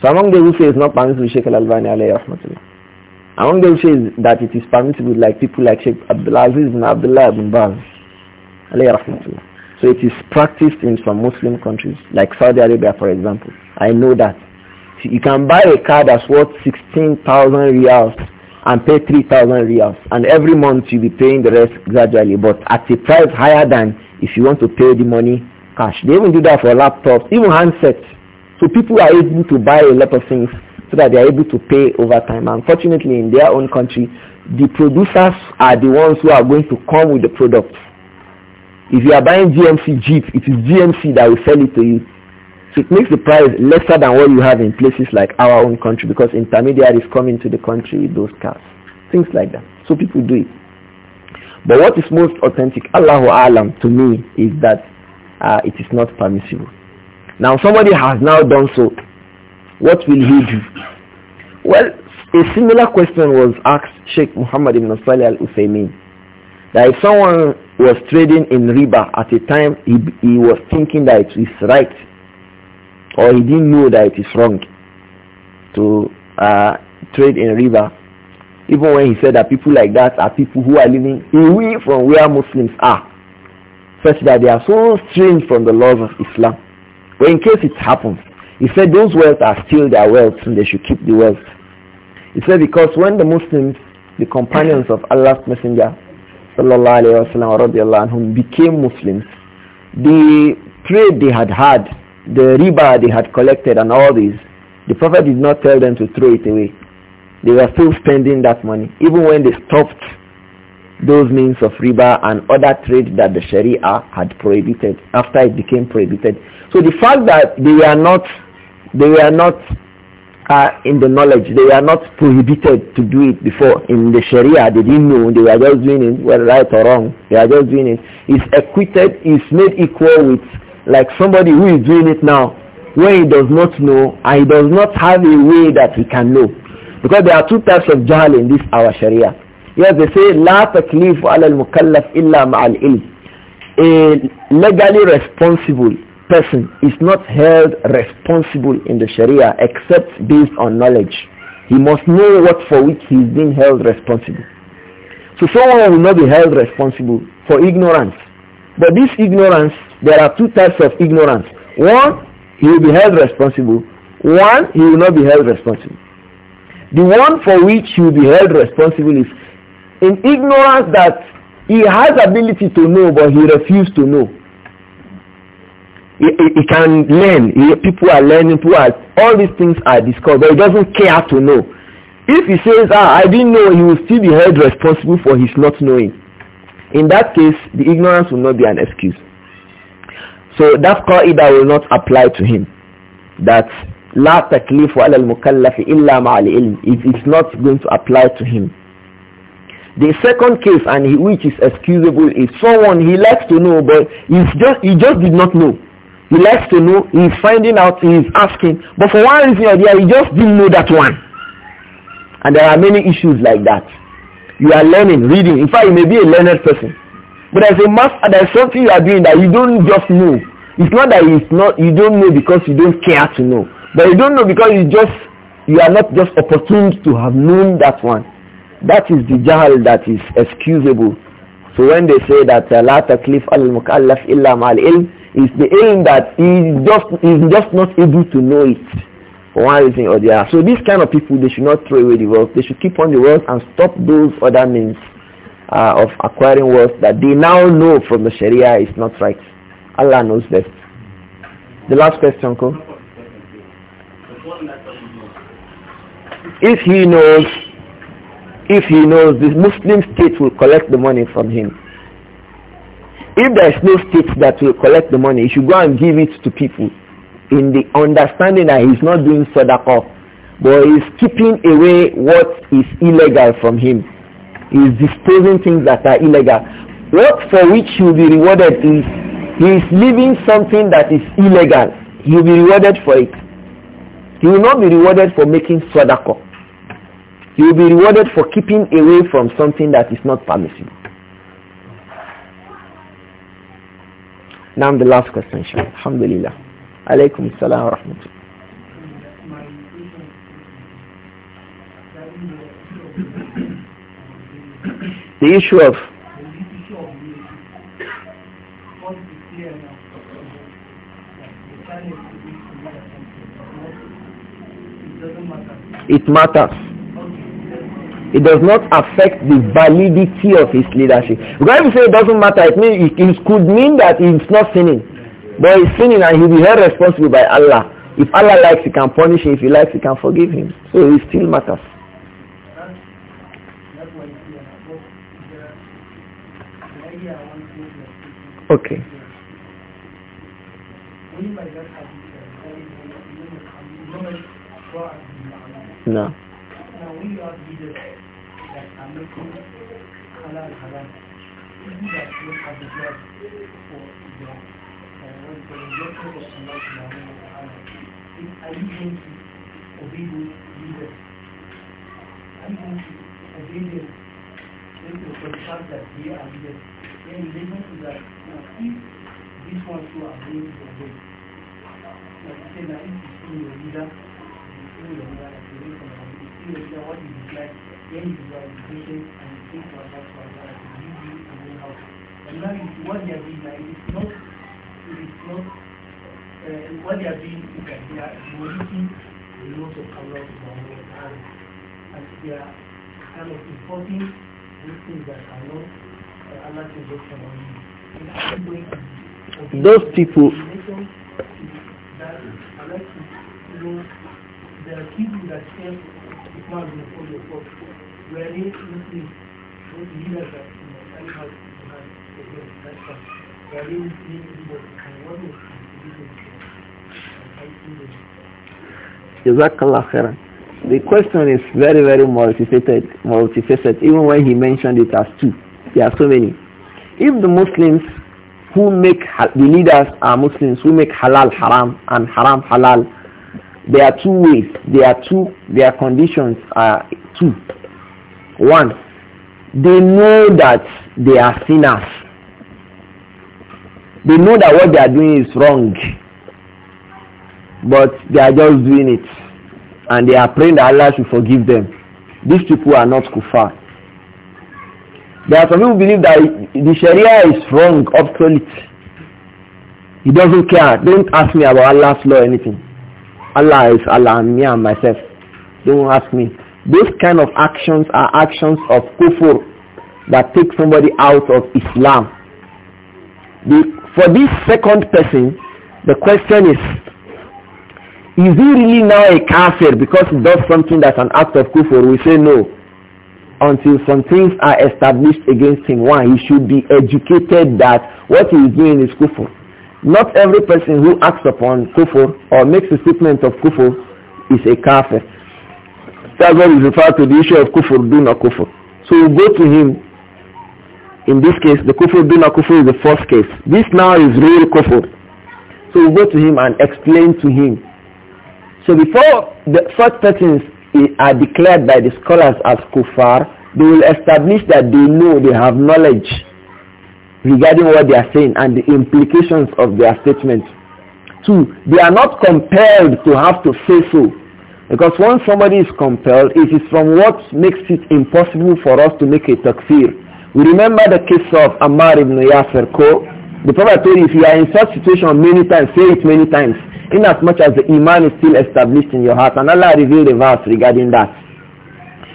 So among the who say it's not permissible, Sheikh al-Albani alayhi rahmatullah. Among the who say that it is permissible like people like Sheikh Abdulaziz ibn Abdullah ibn Baz alayhi rahmatullah. So it is practiced in some Muslim countries, like Saudi Arabia, for example. I know that. You can buy a car that's worth 16,000 riyals and pay 3,000 riyals. And every month you'll be paying the rest gradually, but at a price higher than if you want to pay the money cash. They even do that for laptops, even handsets. So people are able to buy a lot of things so that they are able to pay over time. Unfortunately, in their own country, the producers are the ones who are going to come with the products. If you are buying GMC Jeep, it is GMC that will sell it to you. So it makes the price lesser than what you have in places like our own country because intermediaries come into the country with those cars. Things like that. So people do it. But what is most authentic, Allahu Alam, to me, is that uh, it is not permissible. Now somebody has now done so. What will he do? Well, a similar question was asked Sheikh Muhammad ibn Salih al-Uthaymeen that if someone was trading in riba at a time he, he was thinking that it is right or he didn't know that it is wrong to uh, trade in riba even when he said that people like that are people who are living away from where Muslims are such that they are so strange from the laws of Islam but in case it happens he said those wealth are still their wealth and they should keep the wealth he said because when the Muslims the companions of Allah's messenger sallallahu alayhi wa sallam anhum became Muslims, the trade they had had, the riba they had collected and all these, the Prophet did not tell them to throw it away. They were still spending that money, even when they stopped those means of riba and other trade that the Sharia had prohibited after it became prohibited. So the fact that they were not, they were not are uh, in the knowledge. They are not prohibited to do it before. In the Sharia, they didn't know. They were just doing it, whether right or wrong. They are just doing it. It's acquitted, it's made equal with like somebody who is doing it now when he does not know and he does not have a way that he can know. Because there are two types of jahl in this our Sharia. Yes, they say, لا تكليف على المكلف إلا مع العلم. A legally responsible person is not held responsible in the Sharia except based on knowledge. He must know what for which he is being held responsible. So someone will not be held responsible for ignorance. But this ignorance, there are two types of ignorance. One, he will be held responsible. One, he will not be held responsible. The one for which he will be held responsible is in ignorance that he has ability to know but he refused to know. He, he, he can learn. He, people are learning. People are, all these things are discussed, but he doesn't care to know. If he says, ah, I didn't know, he will still be held responsible for his not knowing. In that case, the ignorance will not be an excuse. So that call either will not apply to him. That لا تكليف على المكلف إلا مع العلم. It is not going to apply to him. The second case and which is excusable is someone he likes to know but just, he just did not know. He likes to know. He's finding out. He's asking. But for one reason or the other, he just didn't know that one. And there are many issues like that. You are learning, reading. In fact, you may be a learned person. But there's a master, there's something you are doing that you don't just know. It's not that it's not, you don't know because you don't care to know. But you don't know because you just, you are not just opportune to have known that one. That is the jahal that is excusable so when they say that uh, la taklif al-mukallaf illa ma'al ilm, it's the aim that he just, is just not able to know it for one reason or the other. So these kind of people, they should not throw away the wealth. They should keep on the wealth and stop those other means uh, of acquiring wealth that they now know from the Sharia is not right. Allah knows best. The last question, Uncle. If he knows if he knows the Muslim state will collect the money from him. If there is no state that will collect the money, he should go and give it to people in the understanding that he's not doing sadaqah, but he's keeping away what is illegal from him. He's disposing things that are illegal. Work for which he will be rewarded is he is leaving something that is illegal. He will be rewarded for it. He will not be rewarded for making sadaqah. You will be rewarded for keeping away from something that is not permissible. Now the last question, inshallah. Alhamdulillah. Alaykum salam wa rahmatullah. The issue of it matters it does not affect the validity of his leadership. Because if you say it doesn't matter, it, means it, it could mean that he's not sinning. But he's sinning and he'll be held responsible by Allah. If Allah likes, he can punish him. If he likes, he can forgive him. So it still matters. Okay. No. doctrine of Allah subhanahu wa ta'ala is are you going to obey those leaders? Are you going to obey them simply for the that they are leaders? Then in to that, now if these ones who are going to obey, like you said, now if you follow your leader, you follow your leader, like you wait for you see your leader, then you are and you think for Allah subhanahu wa to give you And now you see what they are doing now, it is not, it is not uh, what they are doing is that they are demolishing a lot of cameras from the And they are kind of importing these things that are not uh, Allah's instruction on you. Those people, that I like to know, there are people that not going the hold Where they simply don't believe that you know, animals can Where they with the question is very, very multifaceted, multifaceted, even when he mentioned it as two. There are so many. If the Muslims who make, the leaders are Muslims who make halal haram and haram halal, there are two ways, there are two, their conditions are uh, two. One, they know that they are sinners. They know that what they are doing is wrong but they are just doing it and they are praying that Allah should forgive them. These people are not kuffar. There are some people believe that the Sharia is wrong, obsolete. He doesn't care. Don't ask me about Allah's law or anything. Allah is Allah and me and myself. Don't ask me. Those kind of actions are actions of kufr that take somebody out of Islam. The, for this second person, the question is, is he really now a kafir because he does something that's an act of kufur? We say no. Until some things are established against him. why he should be educated that what he is doing is kufur. Not every person who acts upon kufur or makes a statement of kufur is a kafir. That's what is referred to the issue of kufur, duna kufur. So we go to him. In this case, the kufur, duna kufur is the first case. This now is real kufur. So we go to him and explain to him so before the, such persons are declared by the scholars as kufar, they will establish that they know, they have knowledge regarding what they are saying and the implications of their statement. Two, they are not compelled to have to say so. Because once somebody is compelled, it is from what makes it impossible for us to make a takfir. We remember the case of Ammar ibn Yasir Ko. The Prophet told you, if you are in such situation many times, say it many times. Inasmuch as the iman is still established in your heart. And Allah revealed a verse regarding that.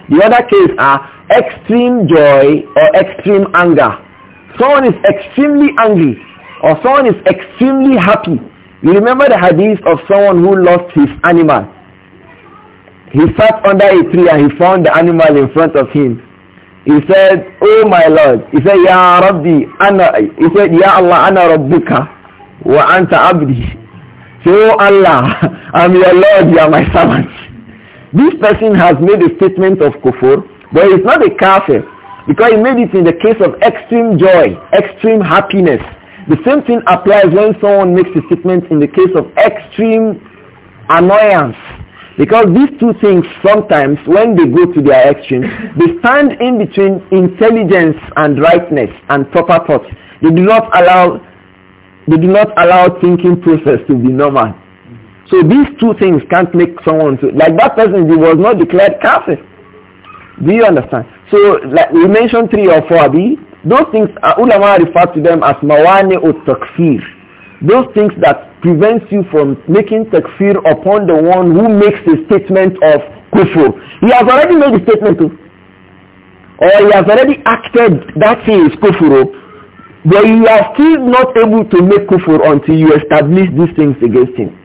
The other case are extreme joy or extreme anger. Someone is extremely angry or someone is extremely happy. You remember the hadith of someone who lost his animal. He sat under a tree and he found the animal in front of him. He said, Oh my Lord. He said, Ya Rabbi, ana, he said, Ya Allah, ana Rabbuka wa anta abdi. Say, oh Allah, *laughs* I'm your Lord, you are my servant. This person has made a statement of kufur, but it's not a kafir because he made it in the case of extreme joy, extreme happiness. The same thing applies when someone makes a statement in the case of extreme annoyance. Because these two things sometimes, when they go to their extreme, they stand in between intelligence and rightness and proper thought. They do not allow they do not allow thinking process to be normal. So these two things can't make someone to, like that person he was not declared kafir. Do you understand? So like we mentioned three or four, B, those things uh, ulama refer to them as mawane or takfir. Those things that prevents you from making takfir upon the one who makes the statement of kufur. He has already made the statement Or he has already acted that thing is kufur. But you are still not able to make kufur until you establish these things against him.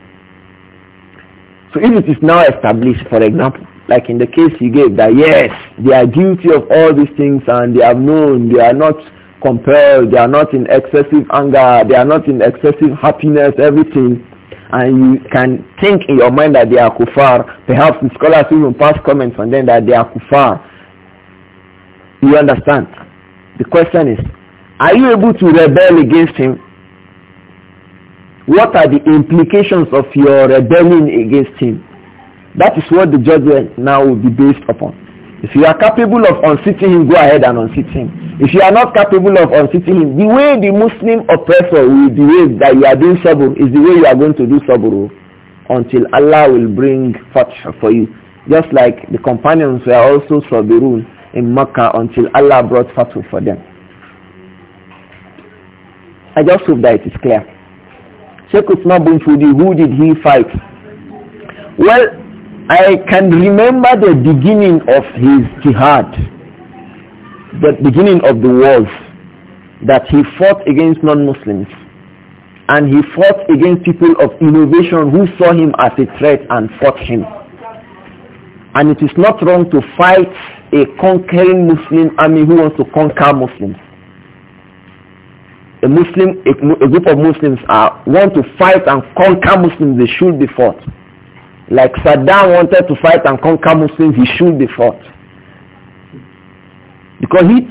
So if it is now established, for example, like in the case you gave that yes, they are guilty of all these things and they have known, they are not compelled, they are not in excessive anger, they are not in excessive happiness, everything. And you can think in your mind that they are kufar. Perhaps the scholars even pass comments on them that they are kufar. You understand? The question is, are you able to rebel against him? What are the implications of your rebellion against him? That is what the judgment now will be based upon. If you are capable of unseating him, go ahead and unseat him. If you are not capable of unseating him, the way the Muslim oppressor will behave that you are doing sabr is the way you are going to do sabr oh, until Allah will bring fatah for you. Just like the companions were also sabirun in Makkah until Allah brought fatah for them. I just hope that it is clear. Sheikh Usman bin who did he fight? Well, I can remember the beginning of his jihad, the beginning of the wars, that he fought against non-Muslims. And he fought against people of innovation who saw him as a threat and fought him. And it is not wrong to fight a conquering Muslim army who wants to conquer Muslims a Muslim, a, group of Muslims are, want to fight and conquer Muslims, they should be fought. Like Saddam wanted to fight and conquer Muslims, he should be fought. Because he